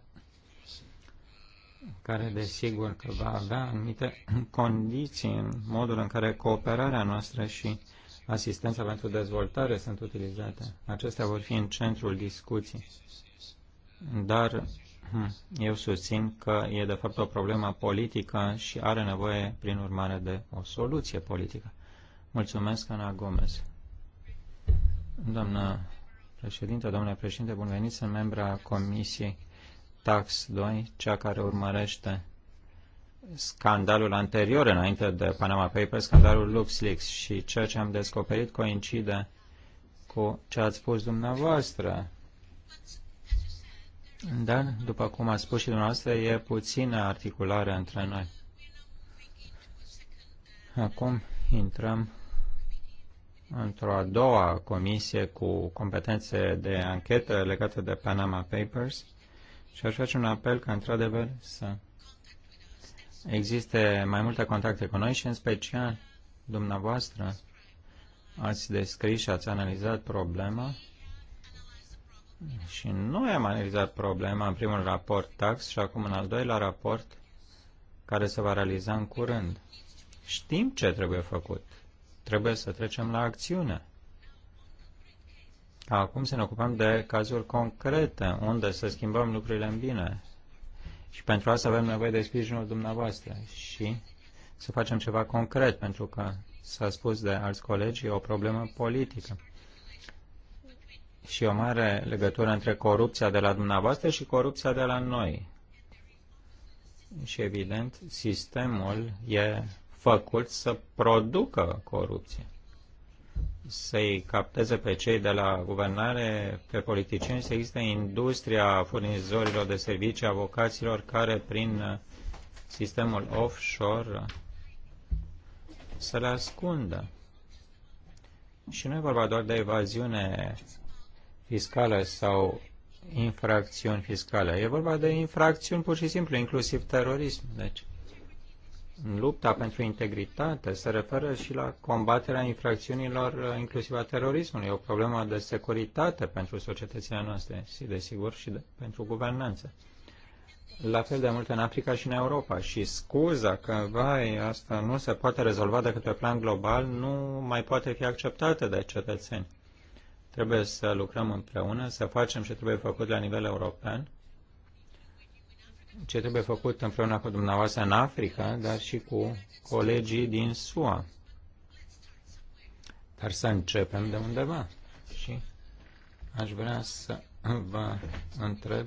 care desigur că va avea anumite condiții în modul în care cooperarea noastră și asistența pentru dezvoltare sunt utilizate. Acestea vor fi în centrul discuției. Dar hm, eu susțin că e de fapt o problemă politică și are nevoie, prin urmare, de o soluție politică. Mulțumesc, Ana Gomez. Doamnă președinte, domnule președinte, bun venit, sunt membra Comisiei Tax 2, cea care urmărește scandalul anterior, înainte de Panama Papers, scandalul LuxLeaks și ceea ce am descoperit coincide cu ce ați spus dumneavoastră. Dar, după cum a spus și dumneavoastră, e puțină articulare între noi. Acum intrăm într-o a doua comisie cu competențe de anchetă legate de Panama Papers – și aș face un apel ca, într-adevăr, să existe mai multe contacte cu noi și, în special, dumneavoastră ați descris și ați analizat problema și noi am analizat problema în primul raport tax și acum în al doilea raport care se va realiza în curând. Știm ce trebuie făcut. Trebuie să trecem la acțiune. Acum să ne ocupăm de cazuri concrete, unde să schimbăm lucrurile în bine. Și pentru asta avem nevoie de sprijinul dumneavoastră și să facem ceva concret, pentru că s-a spus de alți colegi, e o problemă politică. Și o mare legătură între corupția de la dumneavoastră și corupția de la noi. Și evident, sistemul e făcut să producă corupție să-i capteze pe cei de la guvernare, pe politicieni, să existe industria furnizorilor de servicii, avocaților, care prin uh, sistemul offshore să le ascundă. Și nu e vorba doar de evaziune fiscală sau infracțiuni fiscale. E vorba de infracțiuni pur și simplu, inclusiv terorism. Deci, lupta pentru integritate se referă și la combaterea infracțiunilor, uh, inclusiv a terorismului. E o problemă de securitate pentru societățile noastre și, desigur, și de, pentru guvernanță. La fel de mult în Africa și în Europa. Și scuza că, vai, asta nu se poate rezolva decât pe plan global, nu mai poate fi acceptată de cetățeni. Trebuie să lucrăm împreună, să facem ce trebuie făcut la nivel european ce trebuie făcut împreună cu dumneavoastră în Africa, dar și cu colegii din SUA. Dar să începem de undeva. Și aș vrea să vă întreb,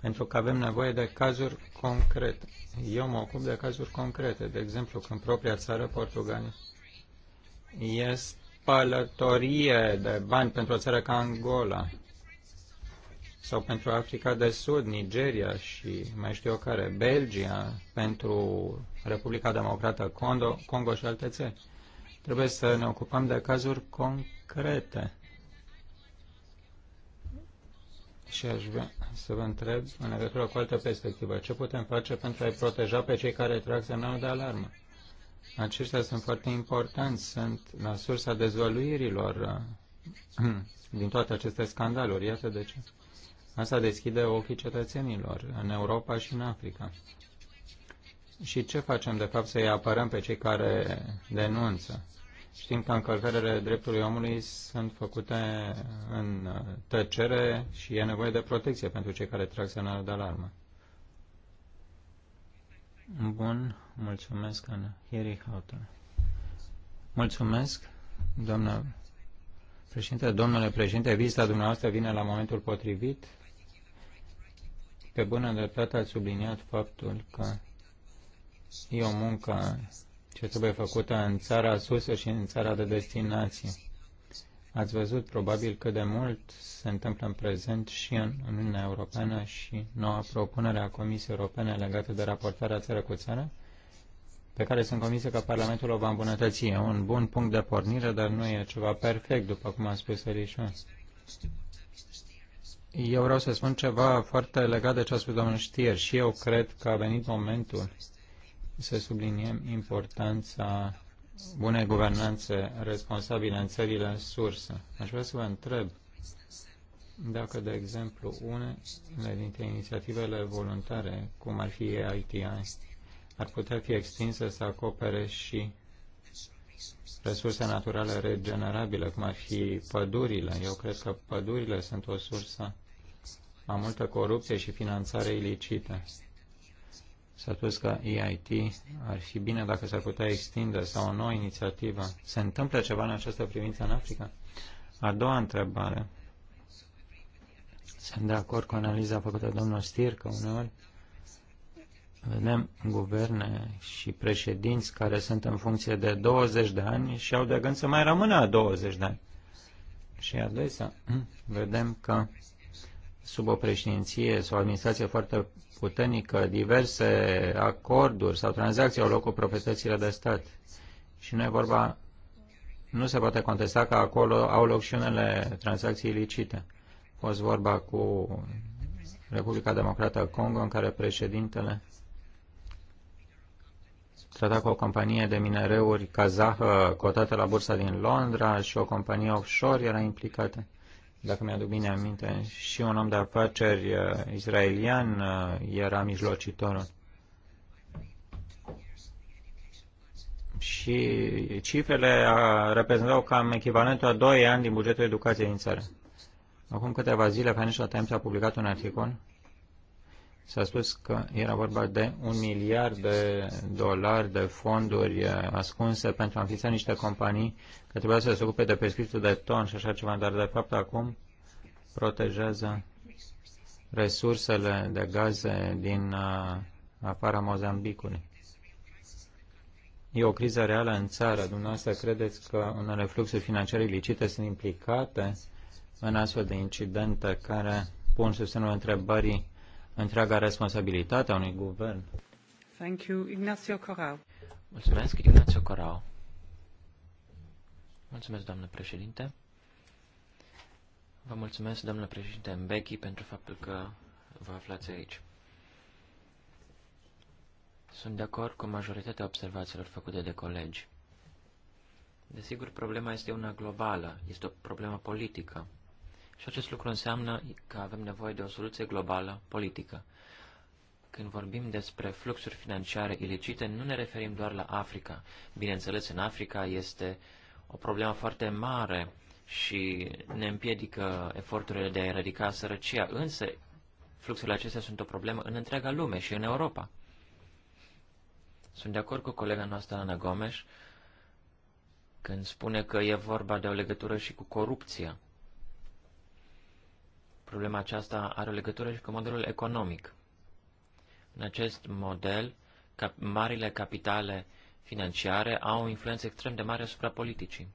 pentru că avem nevoie de cazuri concrete. Eu mă ocup de cazuri concrete. De exemplu, când propria țară, Portugalia, este pălătorie de bani pentru o țară ca Angola sau pentru Africa de Sud, Nigeria și mai știu eu care, Belgia, pentru Republica Democrată Congo, Congo și alte țări. Trebuie să ne ocupăm de cazuri concrete. Și aș vrea să vă întreb, în legătură cu altă perspectivă, ce putem face pentru a-i proteja pe cei care trag semnalul de alarmă? Aceștia sunt foarte importanți, sunt la sursa dezvăluirilor (clears throat) din toate aceste scandaluri. Iată de ce. Asta deschide ochii cetățenilor în Europa și în Africa. Și ce facem, de fapt, să-i apărăm pe cei care denunță? Știm că încălcările dreptului omului sunt făcute în tăcere și e nevoie de protecție pentru cei care trag semnalul de alarmă. Bun, mulțumesc, Ana. Hiri Houghton. Mulțumesc, doamnă președinte. Domnule președinte, vizita dumneavoastră vine la momentul potrivit. Pe bună dreptate a subliniat faptul că e o muncă ce trebuie făcută în țara susă și în țara de destinație. Ați văzut probabil cât de mult se întâmplă în prezent și în Uniunea Europeană și noua propunere a Comisiei Europene legată de raportarea țară cu țară, pe care sunt convinsă că Parlamentul o va îmbunătăți. E un bun punct de pornire, dar nu e ceva perfect, după cum a spus Elișa. Eu vreau să spun ceva foarte legat de ce a spus domnul Știer și eu cred că a venit momentul să subliniem importanța bunei guvernanțe responsabile în țările sursă. Aș vrea să vă întreb dacă, de exemplu, unele dintre inițiativele voluntare, cum ar fi ITI, ar putea fi extinsă să acopere și resurse naturale regenerabile, cum ar fi pădurile. Eu cred că pădurile sunt o sursă a multă corupție și finanțare ilicită. S-a spus că EIT ar fi bine dacă s-ar putea extinde sau o nouă inițiativă. Se întâmplă ceva în această privință în Africa? A doua întrebare. Sunt de acord cu analiza făcută de domnul Stir că uneori vedem guverne și președinți care sunt în funcție de 20 de ani și au de gând să mai rămână 20 de ani. Și adesea (clears throat) vedem că sub o președinție sau o administrație foarte puternică, diverse acorduri sau tranzacții au loc cu proprietățile de stat. Și nu e vorba, nu se poate contesta că acolo au loc și unele tranzacții ilicite. A fost vorba cu Republica Democrată Congo, în care președintele trata cu o companie de minereuri kazahă cotată la bursa din Londra și o companie offshore era implicată, dacă mi-aduc bine aminte, și un om de afaceri uh, israelian uh, era mijlocitorul. Și cifrele uh, reprezentau cam echivalentul a 2 ani din bugetul educației din țară. Acum câteva zile, Financial Times a publicat un articol S-a spus că era vorba de un miliard de dolari de fonduri eh, ascunse pentru a înființa niște companii că trebuia să se ocupe de pescuitul de ton și așa ceva, dar de fapt acum protejează resursele de gaze din eh, afara Mozambicului. E o criză reală în țară. Dumneavoastră credeți că unele fluxuri financiare ilicite sunt implicate în astfel de incidente care pun sub semnul întrebării întreaga responsabilitate a unui guvern. Thank you, Ignacio Corau. Mulțumesc, Ignacio Corau. Mulțumesc, doamnă președinte. Vă mulțumesc, doamnă președinte Mbeki, pentru faptul că vă aflați aici. Sunt de acord cu majoritatea observațiilor făcute de colegi. Desigur, problema este una globală, este o problemă politică. Și acest lucru înseamnă că avem nevoie de o soluție globală politică. Când vorbim despre fluxuri financiare ilicite, nu ne referim doar la Africa. Bineînțeles, în Africa este o problemă foarte mare și ne împiedică eforturile de a eradica sărăcia, însă fluxurile acestea sunt o problemă în întreaga lume și în Europa. Sunt de acord cu colega noastră, Ana Gomes, când spune că e vorba de o legătură și cu corupția. Problema aceasta are o legătură și cu modelul economic. În acest model, cap marile capitale financiare au o influență extrem de mare asupra politicii.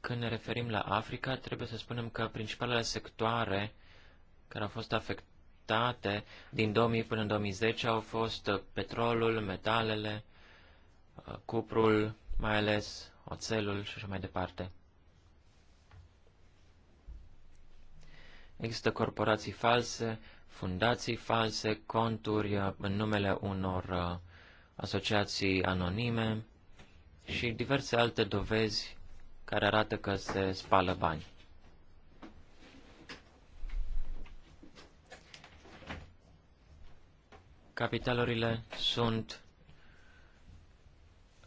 Când ne referim la Africa, trebuie să spunem că principalele sectoare care au fost afectate din 2000 până în 2010 au fost uh, petrolul, metalele, uh, cuprul, mai ales oțelul și așa mai departe. Există corporații false, fundații false, conturi uh, în numele unor uh, asociații anonime și diverse alte dovezi care arată că se spală bani. Capitalurile sunt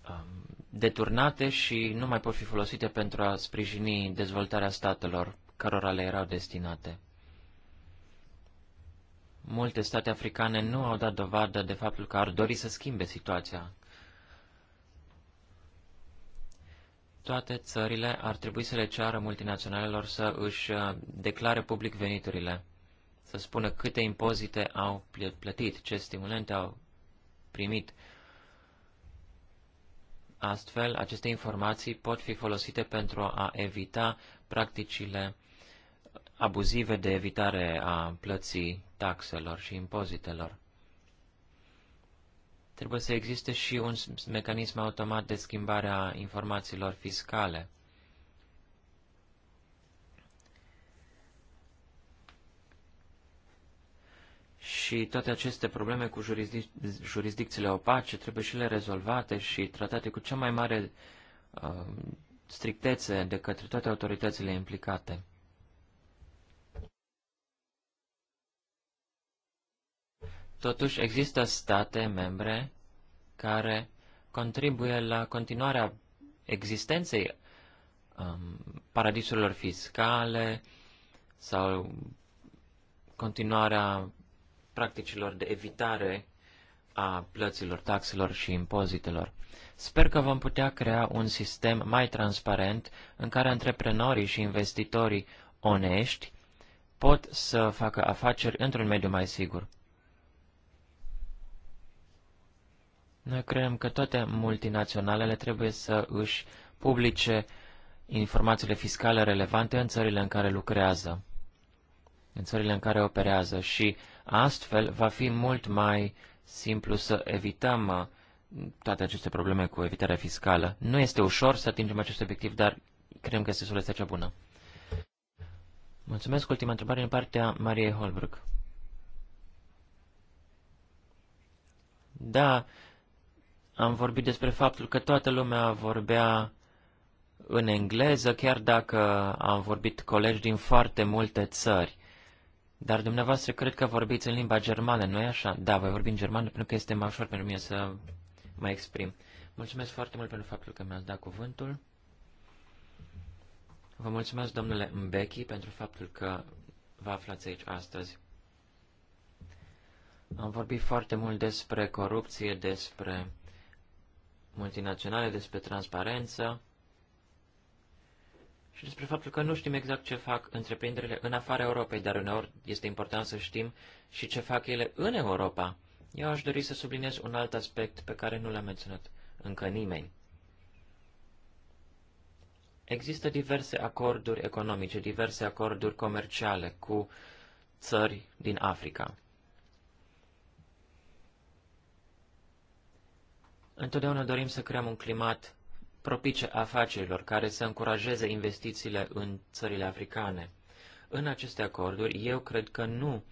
um, deturnate și nu mai pot fi folosite pentru a sprijini dezvoltarea statelor cărora le erau destinate. Multe state africane nu au dat dovadă de faptul că ar dori să schimbe situația. Toate țările ar trebui să le ceară multinaționalelor să își uh, declare public veniturile, să spună câte impozite au plătit, ce stimulente au primit. Astfel, aceste informații pot fi folosite pentru a evita practicile abuzive de evitare a plății taxelor și impozitelor. Trebuie să existe și un mecanism automat de schimbare a informațiilor fiscale. Și toate aceste probleme cu jurisdic jurisdicțiile opace trebuie și le rezolvate și tratate cu cea mai mare uh, strictețe de către toate autoritățile implicate. Totuși, există state membre care contribuie la continuarea existenței um, paradisurilor fiscale sau continuarea practicilor de evitare a plăților, taxelor și impozitelor. Sper că vom putea crea un sistem mai transparent în care antreprenorii și investitorii onești pot să facă afaceri într-un mediu mai sigur. Noi credem că toate multinaționalele trebuie să își publice informațiile fiscale relevante în țările în care lucrează, în țările în care operează și astfel va fi mult mai simplu să evităm uh, toate aceste probleme cu evitarea fiscală. Nu este ușor să atingem acest obiectiv, dar credem că este soluția cea bună. Mulțumesc. Ultima întrebare din partea Mariei Holbrook. Da, am vorbit despre faptul că toată lumea vorbea în engleză, chiar dacă am vorbit colegi din foarte multe țări. Dar dumneavoastră cred că vorbiți în limba germană, nu-i așa? Da, voi vorbi în germană pentru că este mai ușor pentru mine să mă exprim. Mulțumesc foarte mult pentru faptul că mi-ați dat cuvântul. Vă mulțumesc, domnule Mbeki, pentru faptul că vă aflați aici astăzi. Am vorbit foarte mult despre corupție, despre multinaționale, despre transparență și despre faptul că nu știm exact ce fac întreprinderile în afara Europei, dar uneori este important să știm și ce fac ele în Europa. Eu aș dori să subliniez un alt aspect pe care nu l-a menționat încă nimeni. Există diverse acorduri economice, diverse acorduri comerciale cu țări din Africa. Întotdeauna dorim să creăm un climat propice afacerilor care să încurajeze investițiile în țările africane. În aceste acorduri, eu cred că nu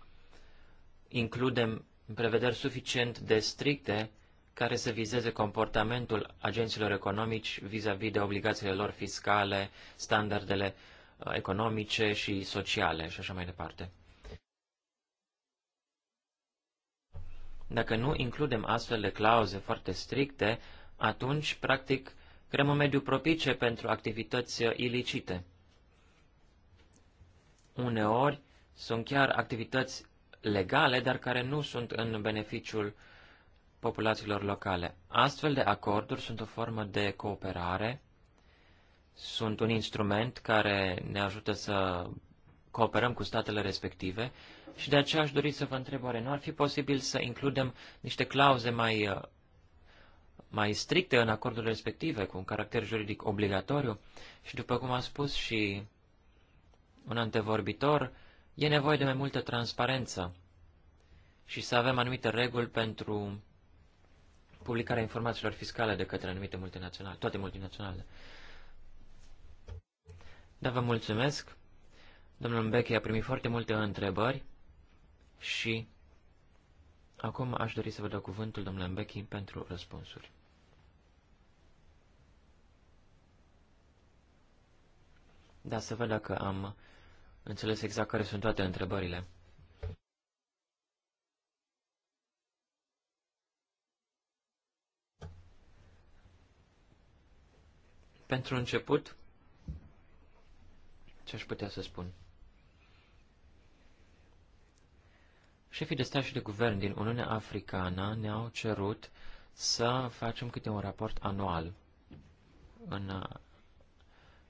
includem prevederi suficient de stricte care să vizeze comportamentul agenților economici vis-a-vis -vis de obligațiile lor fiscale, standardele uh, economice și sociale și așa mai departe. Dacă nu includem astfel de clauze foarte stricte, atunci, practic, creăm un mediu propice pentru activități uh, ilicite. Uneori sunt chiar activități legale, dar care nu sunt în beneficiul populațiilor locale. Astfel de acorduri sunt o formă de cooperare, sunt un instrument care ne ajută să cooperăm cu statele respective și de aceea aș dori să vă întreb, oare nu ar fi posibil să includem niște clauze mai, uh, mai stricte în acordurile respective, cu un caracter juridic obligatoriu? Și după cum a spus și un antevorbitor, e nevoie de mai multă transparență și să avem anumite reguli pentru publicarea informațiilor fiscale de către anumite multinaționale, toate multinaționale. Da, vă mulțumesc. Domnul Beche a primit foarte multe întrebări. Și acum aș dori să vă dau cuvântul, domnule Mbeki, pentru răspunsuri. Da, să văd dacă am înțeles exact care sunt toate întrebările. Pentru început, ce aș putea să spun? Șefii de stat și de guvern din Uniunea Africană ne-au cerut să facem câte un raport anual în uh,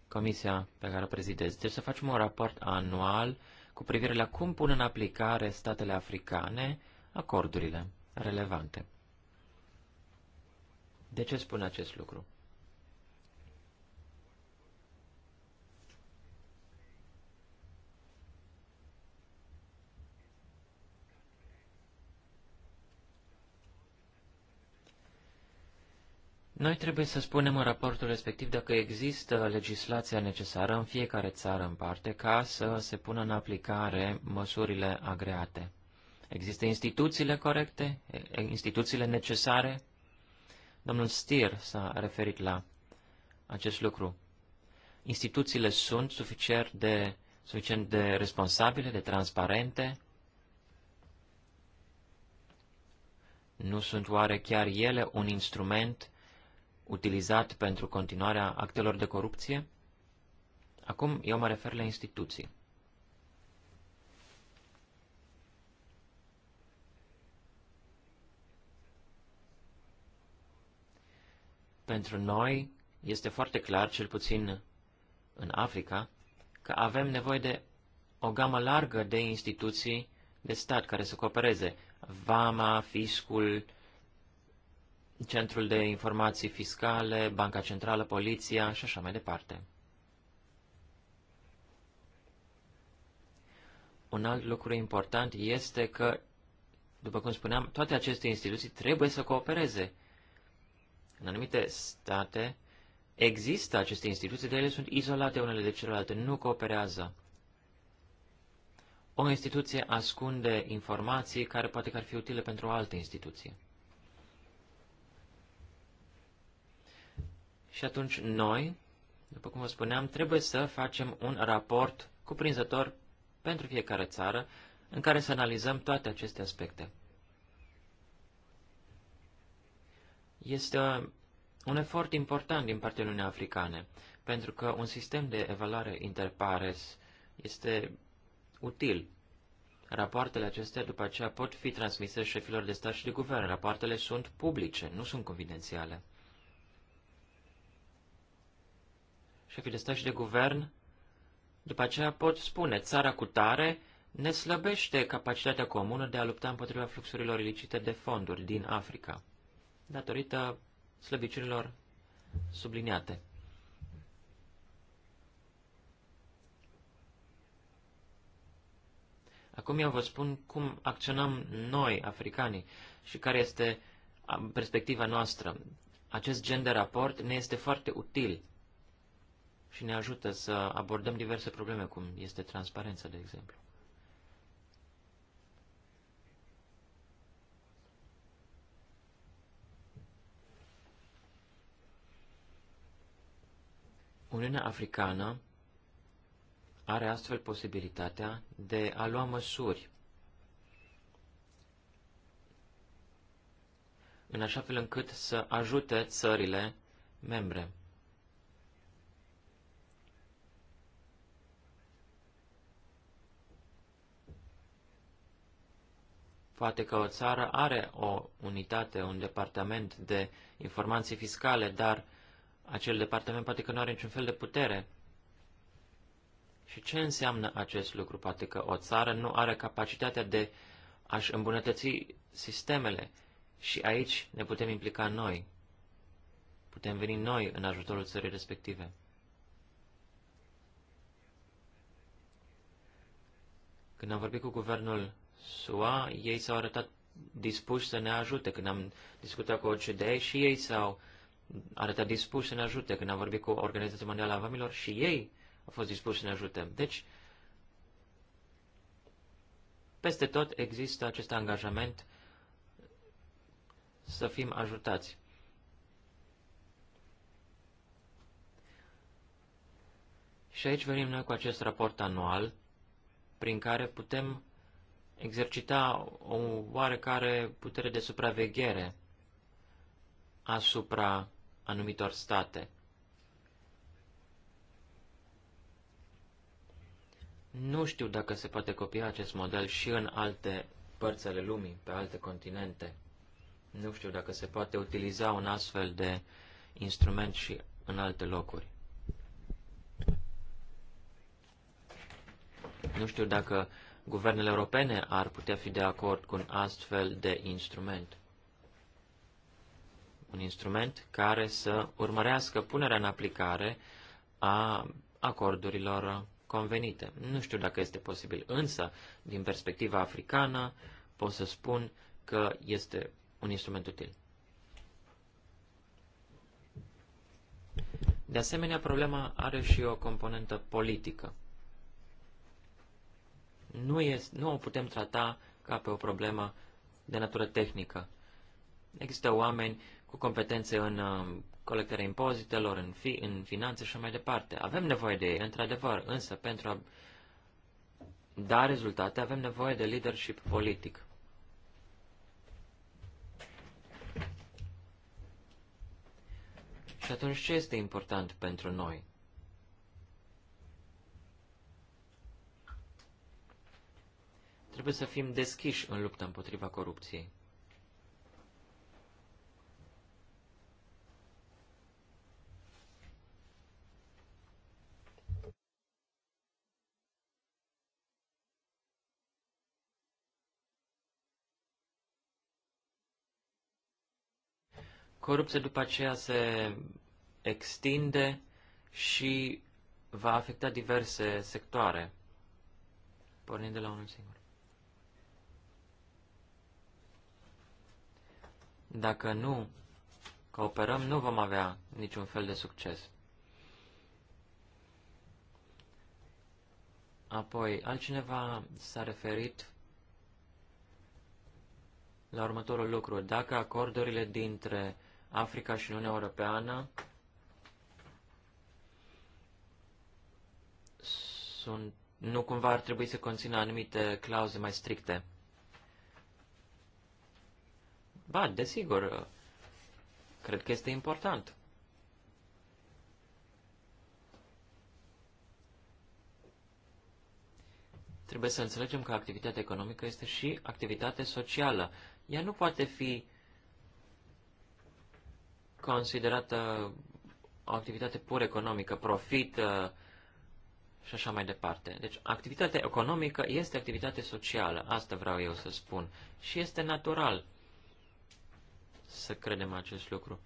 comisia pe care o prezidez. Deci să facem un raport anual cu privire la cum pun în aplicare statele africane acordurile relevante. De ce spun acest lucru? Noi trebuie să spunem în raportul respectiv dacă există legislația necesară în fiecare țară în parte ca să se pună în aplicare măsurile agreate. Există instituțiile corecte, instituțiile necesare? Domnul Stier s-a referit la acest lucru. Instituțiile sunt suficient de, suficient de responsabile, de transparente? Nu sunt oare chiar ele un instrument utilizat pentru continuarea actelor de corupție? Acum eu mă refer la instituții. Pentru noi este foarte clar, cel puțin în Africa, că avem nevoie de o gamă largă de instituții de stat care să coopereze. Vama, fiscul, Centrul de Informații Fiscale, Banca Centrală, Poliția și așa mai departe. Un alt lucru important este că, după cum spuneam, toate aceste instituții trebuie să coopereze. În anumite state există aceste instituții, dar ele sunt izolate unele de celelalte, nu cooperează. O instituție ascunde informații care poate că ar fi utile pentru o altă instituție. Și atunci noi, după cum vă spuneam, trebuie să facem un raport cuprinzător pentru fiecare țară în care să analizăm toate aceste aspecte. Este un efort important din partea Uniunii Africane, pentru că un sistem de evaluare interpares este util. Rapoartele acestea după aceea pot fi transmise șefilor de stat și de guvern. Rapoartele sunt publice, nu sunt confidențiale. șefii de stat și de guvern, după aceea pot spune, țara cu tare ne slăbește capacitatea comună de a lupta împotriva fluxurilor ilicite de fonduri din Africa, datorită slăbiciunilor subliniate. Acum eu vă spun cum acționăm noi, africanii, și care este perspectiva noastră. Acest gen de raport ne este foarte util și ne ajută să abordăm diverse probleme, cum este transparența, de exemplu. Uniunea Africană are astfel posibilitatea de a lua măsuri în așa fel încât să ajute țările membre Poate că o țară are o unitate, un departament de informații fiscale, dar acel departament poate că nu are niciun fel de putere. Și ce înseamnă acest lucru? Poate că o țară nu are capacitatea de a-și îmbunătăți sistemele. Și aici ne putem implica noi. Putem veni noi în ajutorul țării respective. Când am vorbit cu guvernul SUA, ei s-au arătat dispuși să ne ajute când am discutat cu OCDE și ei s-au arătat dispuși să ne ajute când am vorbit cu Organizația Mondială a Vamilor și ei au fost dispuși să ne ajute. Deci, peste tot există acest angajament să fim ajutați. Și aici venim noi cu acest raport anual prin care putem exercita o oarecare putere de supraveghere asupra anumitor state. Nu știu dacă se poate copia acest model și în alte părți ale lumii, pe alte continente. Nu știu dacă se poate utiliza un astfel de instrument și în alte locuri. Nu știu dacă guvernele europene ar putea fi de acord cu un astfel de instrument. Un instrument care să urmărească punerea în aplicare a acordurilor convenite. Nu știu dacă este posibil, însă, din perspectiva africană, pot să spun că este un instrument util. De asemenea, problema are și o componentă politică nu, este, nu o putem trata ca pe o problemă de natură tehnică. Există oameni cu competențe în um, colectarea impozitelor, în, fi, în finanțe și mai departe. Avem nevoie de ei, într-adevăr, însă pentru a da rezultate avem nevoie de leadership politic. Și atunci ce este important pentru noi? Trebuie să fim deschiși în lupta împotriva corupției. Corupția după aceea se extinde și va afecta diverse sectoare, pornind de la unul singur. Dacă nu cooperăm, nu vom avea niciun fel de succes. Apoi, altcineva s-a referit la următorul lucru. Dacă acordurile dintre Africa și Uniunea Europeană sunt, nu cumva ar trebui să conțină anumite clauze mai stricte. Ba, desigur, cred că este important. Trebuie să înțelegem că activitatea economică este și activitate socială. Ea nu poate fi considerată o activitate pur economică, profit uh, și așa mai departe. Deci, activitatea economică este activitate socială, asta vreau eu să spun, și este natural să credem acest lucru.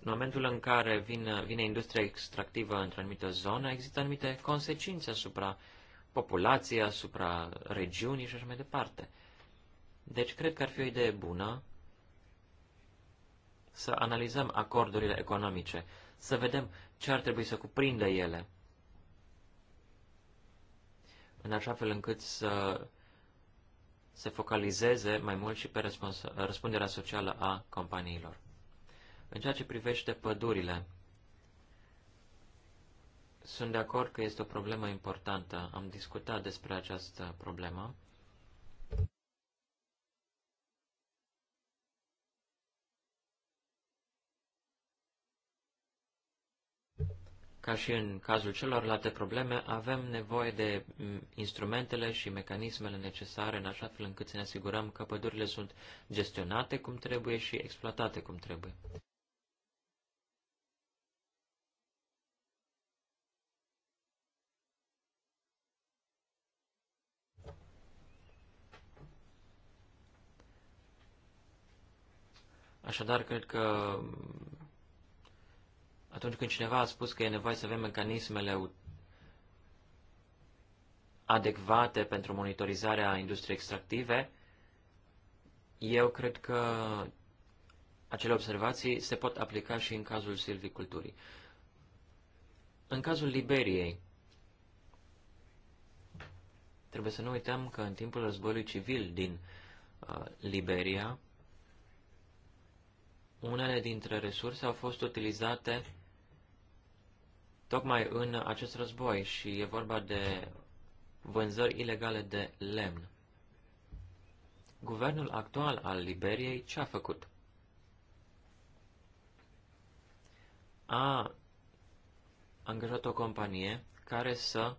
În momentul în care vine, vine industria extractivă într-o anumită zonă, există anumite consecințe asupra populației, asupra regiunii și așa mai departe. Deci cred că ar fi o idee bună să analizăm acordurile economice, să vedem ce ar trebui să cuprindă ele, în așa fel încât să se focalizeze mai mult și pe răspunderea socială a companiilor. În ceea ce privește pădurile, sunt de acord că este o problemă importantă. Am discutat despre această problemă Ca și în cazul celorlalte probleme, avem nevoie de mm, instrumentele și mecanismele necesare în așa fel încât să ne asigurăm că pădurile sunt gestionate cum trebuie și exploatate cum trebuie. Așadar, cred că atunci când cineva a spus că e nevoie să avem mecanismele adecvate pentru monitorizarea industriei extractive, eu cred că acele observații se pot aplica și în cazul silviculturii. În cazul Liberiei, trebuie să nu uităm că în timpul războiului civil din uh, Liberia, unele dintre resurse au fost utilizate tocmai în acest război și e vorba de vânzări ilegale de lemn. Guvernul actual al Liberiei ce a făcut? A angajat o companie care să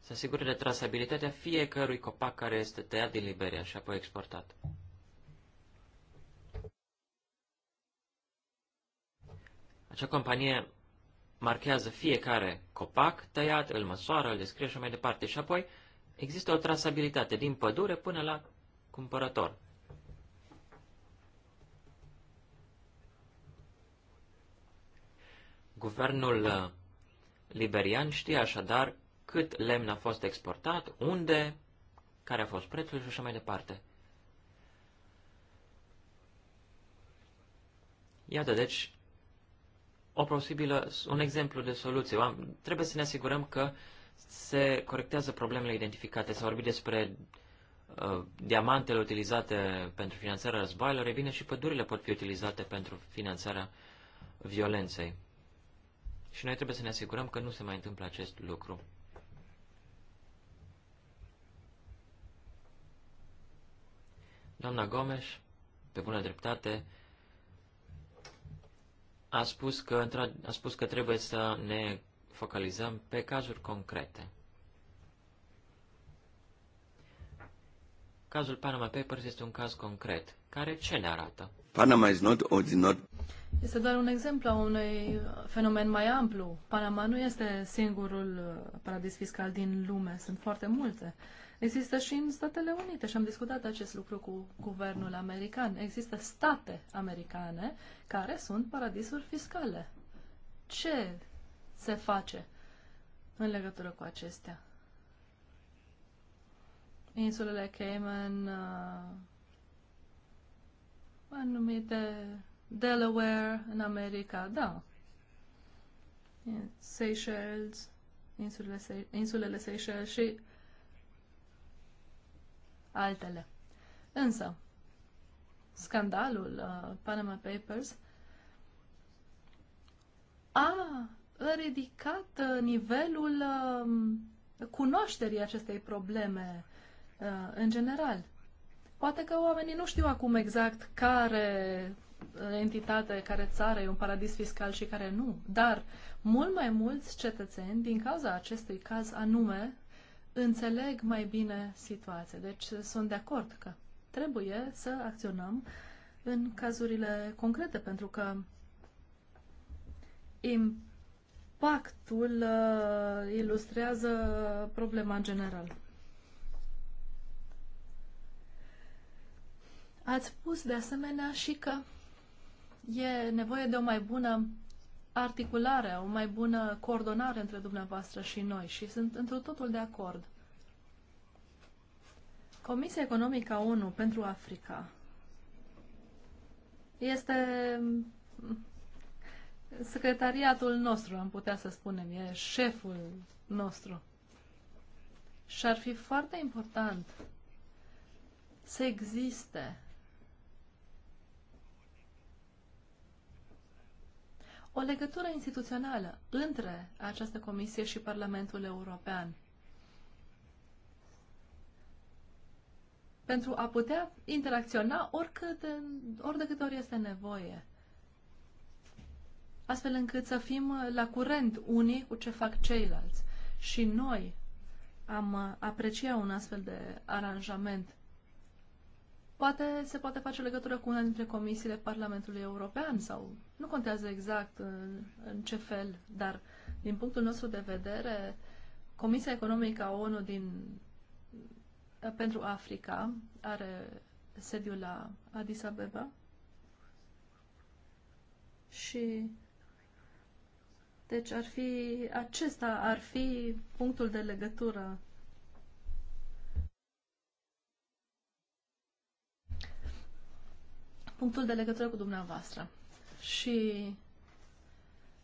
se asigure de trasabilitatea fiecărui copac care este tăiat din Liberia și apoi exportat. Acea companie marchează fiecare copac tăiat, îl măsoară, îl descrie și mai departe. Și apoi există o trasabilitate din pădure până la cumpărător. Guvernul uh, liberian știe așadar cât lemn a fost exportat, unde, care a fost prețul și așa mai departe. Iată, deci, o posibilă, un exemplu de soluție. Trebuie să ne asigurăm că se corectează problemele identificate. S-a vorbit despre uh, diamantele utilizate pentru finanțarea războaielor, e bine, și pădurile pot fi utilizate pentru finanțarea violenței. Și noi trebuie să ne asigurăm că nu se mai întâmplă acest lucru. Doamna Gomes, pe bună dreptate, a spus că, a spus că trebuie să ne focalizăm pe cazuri concrete. Cazul Panama Papers este un caz concret. Care ce ne arată? Panama is not ordinary. Este doar un exemplu a unui fenomen mai amplu. Panama nu este singurul uh, paradis fiscal din lume. Sunt foarte multe. Uh, Există și în Statele Unite și am discutat acest lucru cu guvernul american. Există state americane care sunt paradisuri fiscale. Ce se face în legătură cu acestea? Insulele Cayman, uh, anumite Delaware în America, da. Seychelles, insulele, Se- insulele Seychelles și altele. Însă, scandalul uh, Panama Papers a ridicat uh, nivelul uh, cunoașterii acestei probleme uh, în general. Poate că oamenii nu știu acum exact care uh, entitate, care țară e un paradis fiscal și care nu, dar mult mai mulți cetățeni, din cauza acestui caz anume, înțeleg mai bine situația. Deci sunt de acord că trebuie să acționăm în cazurile concrete, pentru că impactul uh, ilustrează problema în general. Ați spus de asemenea și că e nevoie de o mai bună articulare, o mai bună coordonare între dumneavoastră și noi și sunt într totul de acord. Comisia Economică a ONU pentru Africa este mm, secretariatul nostru, am putea să spunem, e șeful nostru. Și ar fi foarte important să existe o legătură instituțională între această Comisie și Parlamentul European. Pentru a putea interacționa oricât de, ori de câte ori este nevoie. Astfel încât să fim la curent unii cu ce fac ceilalți. Și noi am aprecia un astfel de aranjament Poate se poate face legătură cu una dintre comisiile Parlamentului European sau nu contează exact în, uh, în ce fel, dar din punctul nostru de vedere, Comisia Economică a ONU din, uh, pentru Africa are sediul la Addis Abeba și deci ar fi, acesta ar fi punctul de legătură punctul de legătură cu dumneavoastră. Și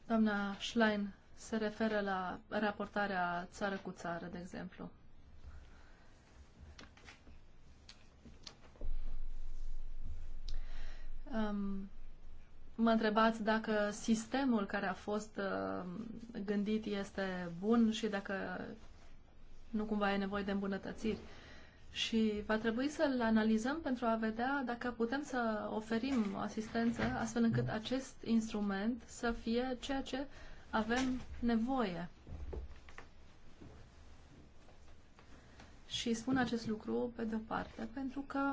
doamna Schlein se referă la raportarea țară cu țară, de exemplu. Um, mă întrebați dacă sistemul care a fost uh, gândit este bun și dacă nu cumva e nevoie de îmbunătățiri. Uh, și va trebui să-l analizăm pentru a vedea dacă putem să oferim asistență astfel încât acest instrument să fie ceea ce avem nevoie. Și spun acest lucru pe de-o parte pentru că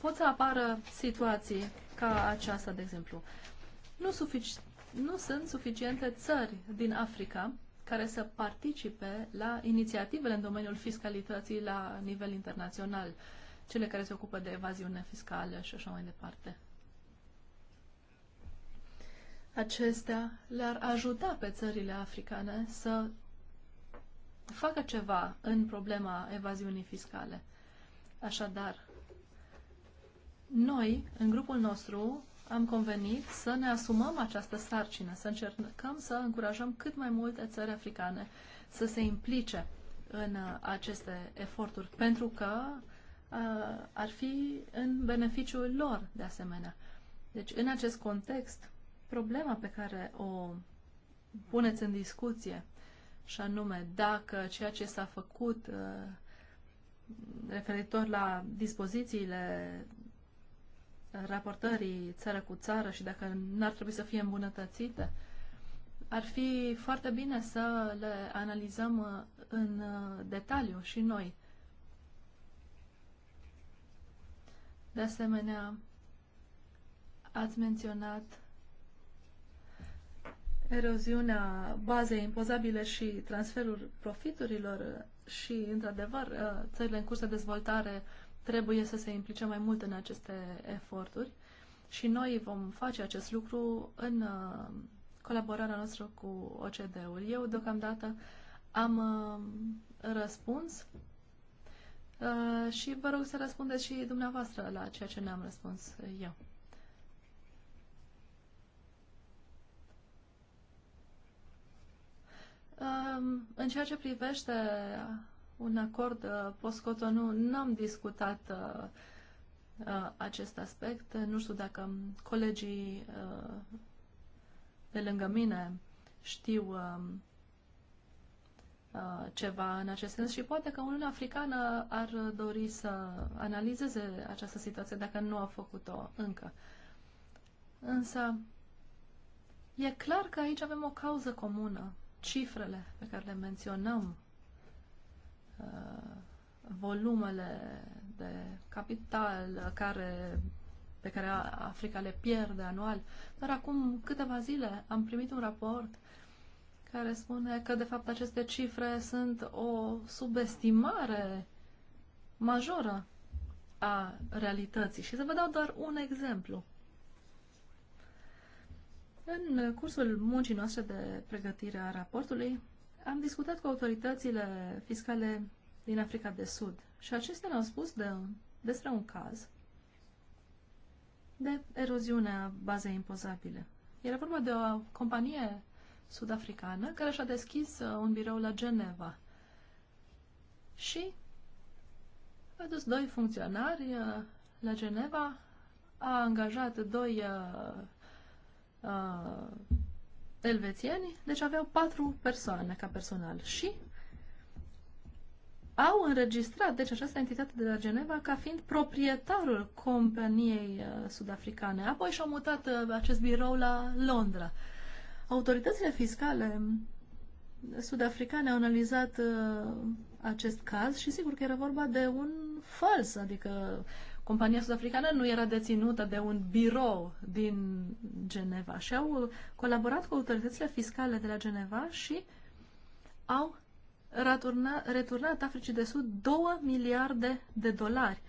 pot să apară situații ca aceasta, de exemplu. Nu, sufici- nu sunt suficiente țări din Africa care să participe la inițiativele în domeniul fiscalității la nivel internațional, cele care se ocupă de evaziune fiscală și așa mai departe. Acestea le-ar ajuta pe țările africane să facă ceva în problema evaziunii fiscale. Așadar, noi, în grupul nostru, am convenit să ne asumăm această sarcină, să încercăm să încurajăm cât mai multe țări africane să se implice în uh, aceste eforturi, pentru că uh, ar fi în beneficiul lor, de asemenea. Deci, în acest context, problema pe care o puneți în discuție, și anume dacă ceea ce s-a făcut uh, referitor la dispozițiile raportării țară cu țară și dacă n-ar trebui să fie îmbunătățite, ar fi foarte bine să le analizăm uh, în uh, detaliu și noi. De asemenea, ați menționat eroziunea bazei impozabile și transferul profiturilor uh, și, într-adevăr, țările în curs de dezvoltare uh, trebuie să se implice mai mult în aceste eforturi și noi vom face acest lucru în uh, colaborarea noastră cu OCD-ul. Eu deocamdată am uh, răspuns uh, și vă rog să răspundeți și dumneavoastră la ceea ce ne-am răspuns eu. Um, în ceea ce privește un acord uh, post-Cotonou, n-am discutat uh, uh, acest aspect. Nu știu dacă colegii de lângă mine știu ceva în acest sens și poate că Uniunea Africană ar dori să analizeze această situație dacă nu a făcut-o încă. Însă, e clar că aici avem o cauză comună. Cifrele pe care le menționăm Uh, volumele de capital care, pe care Africa le pierde anual. Dar acum câteva zile am primit un raport care spune că, de fapt, aceste cifre sunt o subestimare majoră a realității. Și să vă dau doar un exemplu. În cursul muncii noastre de pregătire a raportului, am discutat cu autoritățile fiscale din Africa de Sud și acestea ne-au spus de, despre un caz de eroziune a bazei impozabile. Era vorba de o companie sud-africană care și-a deschis uh, un birou la Geneva și a dus doi funcționari uh, la Geneva, a angajat doi uh, uh, elvețieni, deci aveau patru persoane ca personal și au înregistrat, deci această entitate de la Geneva, ca fiind proprietarul companiei uh, sudafricane. Apoi și-au mutat uh, acest birou la Londra. Autoritățile fiscale mm, sudafricane au analizat uh, acest caz și sigur că era vorba de un fals, adică compania sud-africană nu era deținută de un birou din Geneva și au colaborat cu autoritățile fiscale de la Geneva și au returna, returnat Africii de Sud 2 miliarde de dolari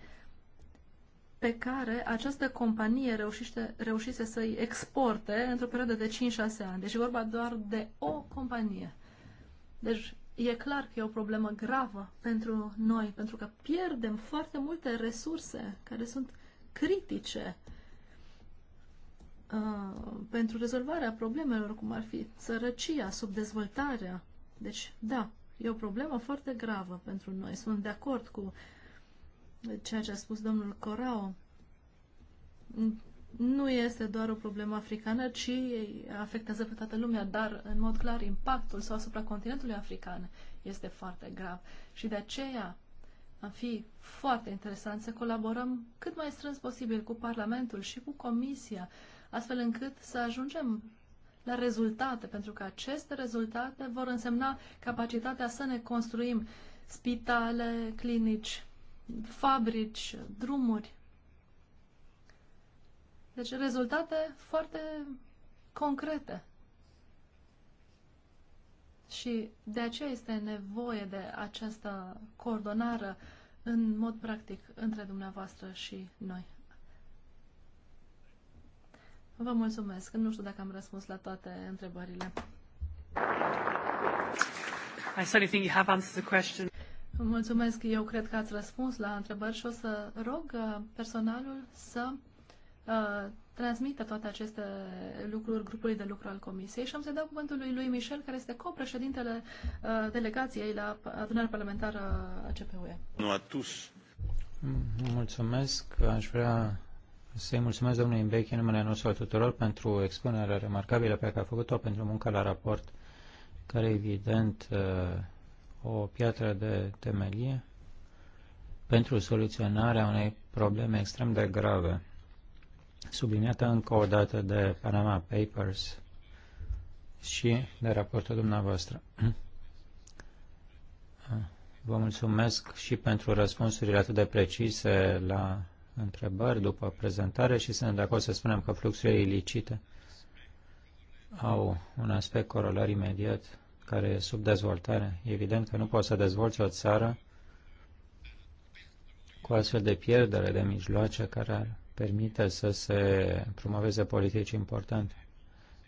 pe care această companie reușiște, reușise să-i exporte într-o perioadă de 5-6 ani. Deci e vorba doar de o companie. Deci e clar că e o problemă gravă pentru noi, pentru că pierdem foarte multe resurse care sunt critice uh, pentru rezolvarea problemelor, cum ar fi sărăcia, subdezvoltarea. Deci, da, e o problemă foarte gravă pentru noi. Sunt de acord cu ceea ce a spus domnul Corao nu este doar o problemă africană, ci afectează pe toată lumea, dar în mod clar impactul sau asupra continentului african este foarte grav. Și de aceea am fi foarte interesant să colaborăm cât mai strâns posibil cu Parlamentul și cu Comisia, astfel încât să ajungem la rezultate, pentru că aceste rezultate vor însemna capacitatea să ne construim spitale, clinici, fabrici, drumuri, deci rezultate foarte concrete. Și de aceea este nevoie de această coordonare în mod practic între dumneavoastră și noi. Vă mulțumesc. Nu știu dacă am răspuns la toate întrebările. I certainly think you have answered the question. Mulțumesc. Eu cred că ați răspuns la întrebări și o să rog uh, personalul să Uh, transmită toate aceste lucruri grupului de lucru al Comisiei și am să dau cuvântul lui, lui Michel, care este copreședintele uh, delegației la adunarea parlamentară a CPUE. Nu a tus. Mm, mulțumesc. Aș vrea să-i mulțumesc domnului Imbechi în numele nostru al tuturor pentru expunerea remarcabilă pe care a făcut-o pentru munca la raport, care evident uh, o piatră de temelie pentru soluționarea unei probleme extrem de grave subliniată încă o dată de Panama Papers și de raportul dumneavoastră. (clears throat) Vă mulțumesc și pentru răspunsurile atât de precise la întrebări după prezentare și sunt de acord să spunem că fluxurile ilicite au un aspect corolar imediat care e sub dezvoltare. Evident că nu poți să dezvolți o țară cu astfel de pierdere de mijloace care are permite să se promoveze politici importante.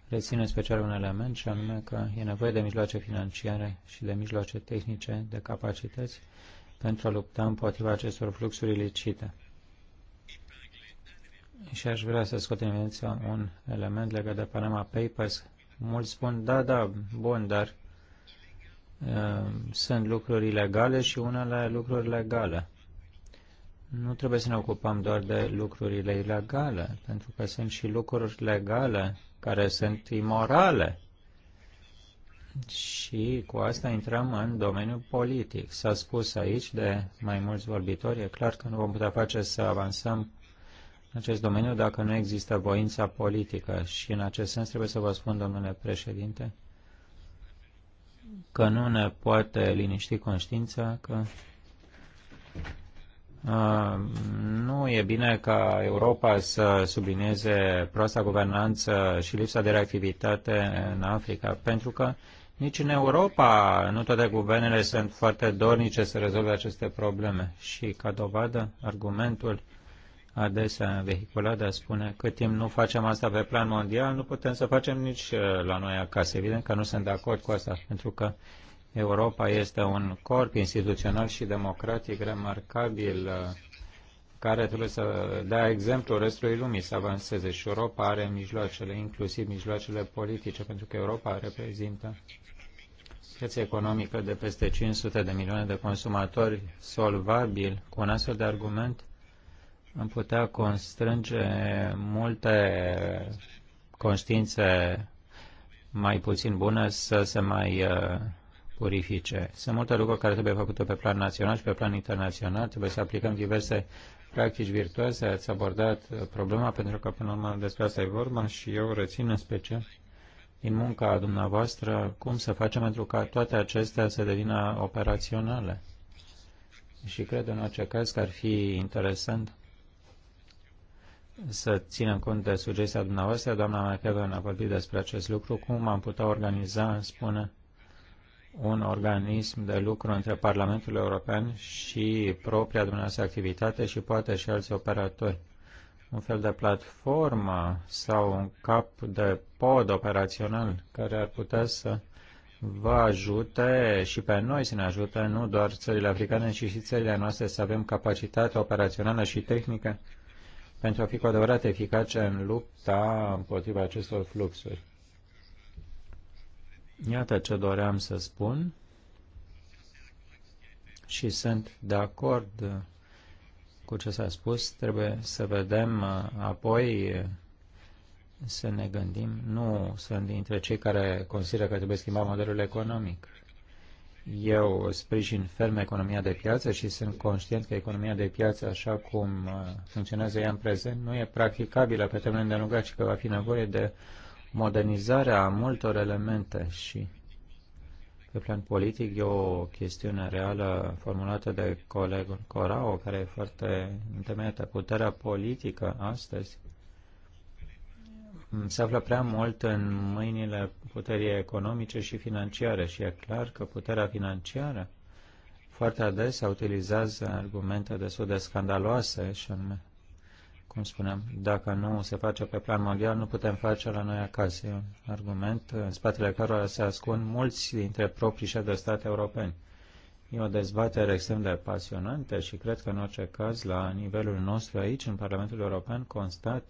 Rețin în special un element și anume că e nevoie de mijloace financiare și de mijloace tehnice, de capacități pentru a lupta împotriva acestor fluxuri ilicite. Și aș vrea să scot în evidență un element legat de Panama Papers. Mulți spun, da, da, bun, dar uh, sunt lucruri ilegale și unele lucruri legale nu trebuie să ne ocupăm doar de lucrurile ilegale, pentru că sunt și lucruri legale care sunt imorale. Și cu asta intrăm în domeniul politic. S-a spus aici de mai mulți vorbitori, e clar că nu vom putea face să avansăm în acest domeniu dacă nu există voința politică. Și în acest sens trebuie să vă spun, domnule președinte, că nu ne poate liniști conștiința că Ah, nu e bine ca Europa să sublinieze proasta guvernanță și lipsa de reactivitate în Africa, pentru că nici în Europa nu toate guvernele sunt foarte dornice să rezolve aceste probleme. Și, ca dovadă, argumentul adesea vehiculat de a spune cât timp nu facem asta pe plan mondial, nu putem să facem nici eh, la noi acasă. Evident că nu sunt de acord cu asta, pentru că Europa este un corp instituțional și democratic remarcabil uh, care trebuie să dea exemplu restului lumii, să avanseze și Europa are mijloacele, inclusiv mijloacele politice, pentru că Europa reprezintă piața economică de peste 500 de milioane de consumatori solvabil. Cu un astfel de argument am putea constrânge multe conștiințe mai puțin bună să se mai uh, purifice. Sunt multe lucruri care trebuie făcute pe plan național și pe plan internațional. Trebuie să aplicăm diverse practici virtuoase. Ați abordat problema pentru că, până la urmă, despre asta e vorba și eu rețin în special din munca dumneavoastră cum să facem pentru ca toate acestea să devină operaționale. Și cred în orice caz că ar fi interesant să ținem cont de sugestia dumneavoastră. Doamna McEwen a vorbit despre acest lucru, cum am putea organiza, spune, un organism de lucru între Parlamentul European și propria dumneavoastră activitate și poate și alți operatori. Un fel de platformă sau un cap de pod operațional care ar putea să vă ajute și pe noi să ne ajute, nu doar țările africane, ci și țările noastre să avem capacitatea operațională și tehnică pentru a fi cu adevărat eficace în lupta împotriva acestor fluxuri. Iată ce doream să spun și sunt de acord cu ce s-a spus. Trebuie să vedem uh, apoi uh, să ne gândim. Nu sunt dintre cei care consideră că trebuie schimba modelul economic. Eu sprijin ferm economia de piață și sunt conștient că economia de piață, așa cum uh, funcționează ea în prezent, nu e practicabilă pe termen de lungă, și că va fi nevoie de modernizarea multor elemente și pe plan politic e o chestiune reală formulată de colegul Corao, care e foarte întemeiată. Puterea politică astăzi se află prea mult în mâinile puterii economice și financiare și e clar că puterea financiară foarte adesea utilizează argumente destul de scandaloase și anume cum spuneam, dacă nu se face pe plan mondial, nu putem face la noi acasă. E un argument în spatele căruia se ascund mulți dintre proprii șefi de state europeni. E o dezbatere extrem de pasionantă și cred că în orice caz, la nivelul nostru aici, în Parlamentul European, constat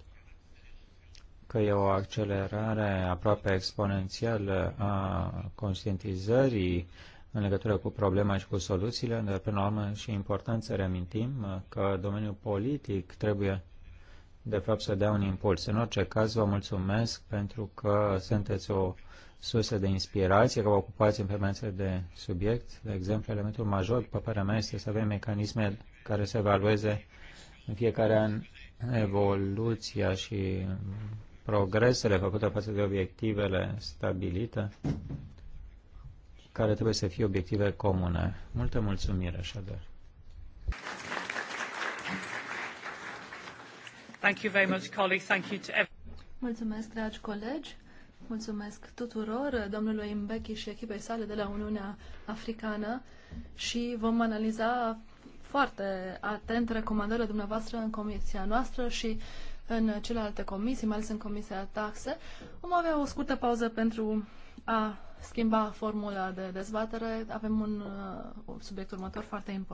că e o accelerare aproape exponențială a conștientizării în legătură cu problema și cu soluțiile, dar până la urmă și important să reamintim că domeniul politic trebuie de fapt, să dea un impuls. În orice caz, vă mulțumesc pentru că sunteți o sursă de inspirație, că vă ocupați în permanență de subiect. De exemplu, elementul major, după părerea mea, este să avem mecanisme care să evalueze în fiecare an evoluția și progresele făcute față de obiectivele stabilite, care trebuie să fie obiective comune. Multă mulțumire, așadar. Thank you very much, colleagues. Thank you to Mulțumesc, dragi colegi. Mulțumesc tuturor, domnului Imbeki și echipei sale de la Uniunea Africană și vom analiza foarte atent recomandările dumneavoastră în comisia noastră și în celelalte comisii, mai ales în comisia taxe. Vom avea o scurtă pauză pentru a schimba formula de dezbatere. Avem un uh, subiect următor foarte important.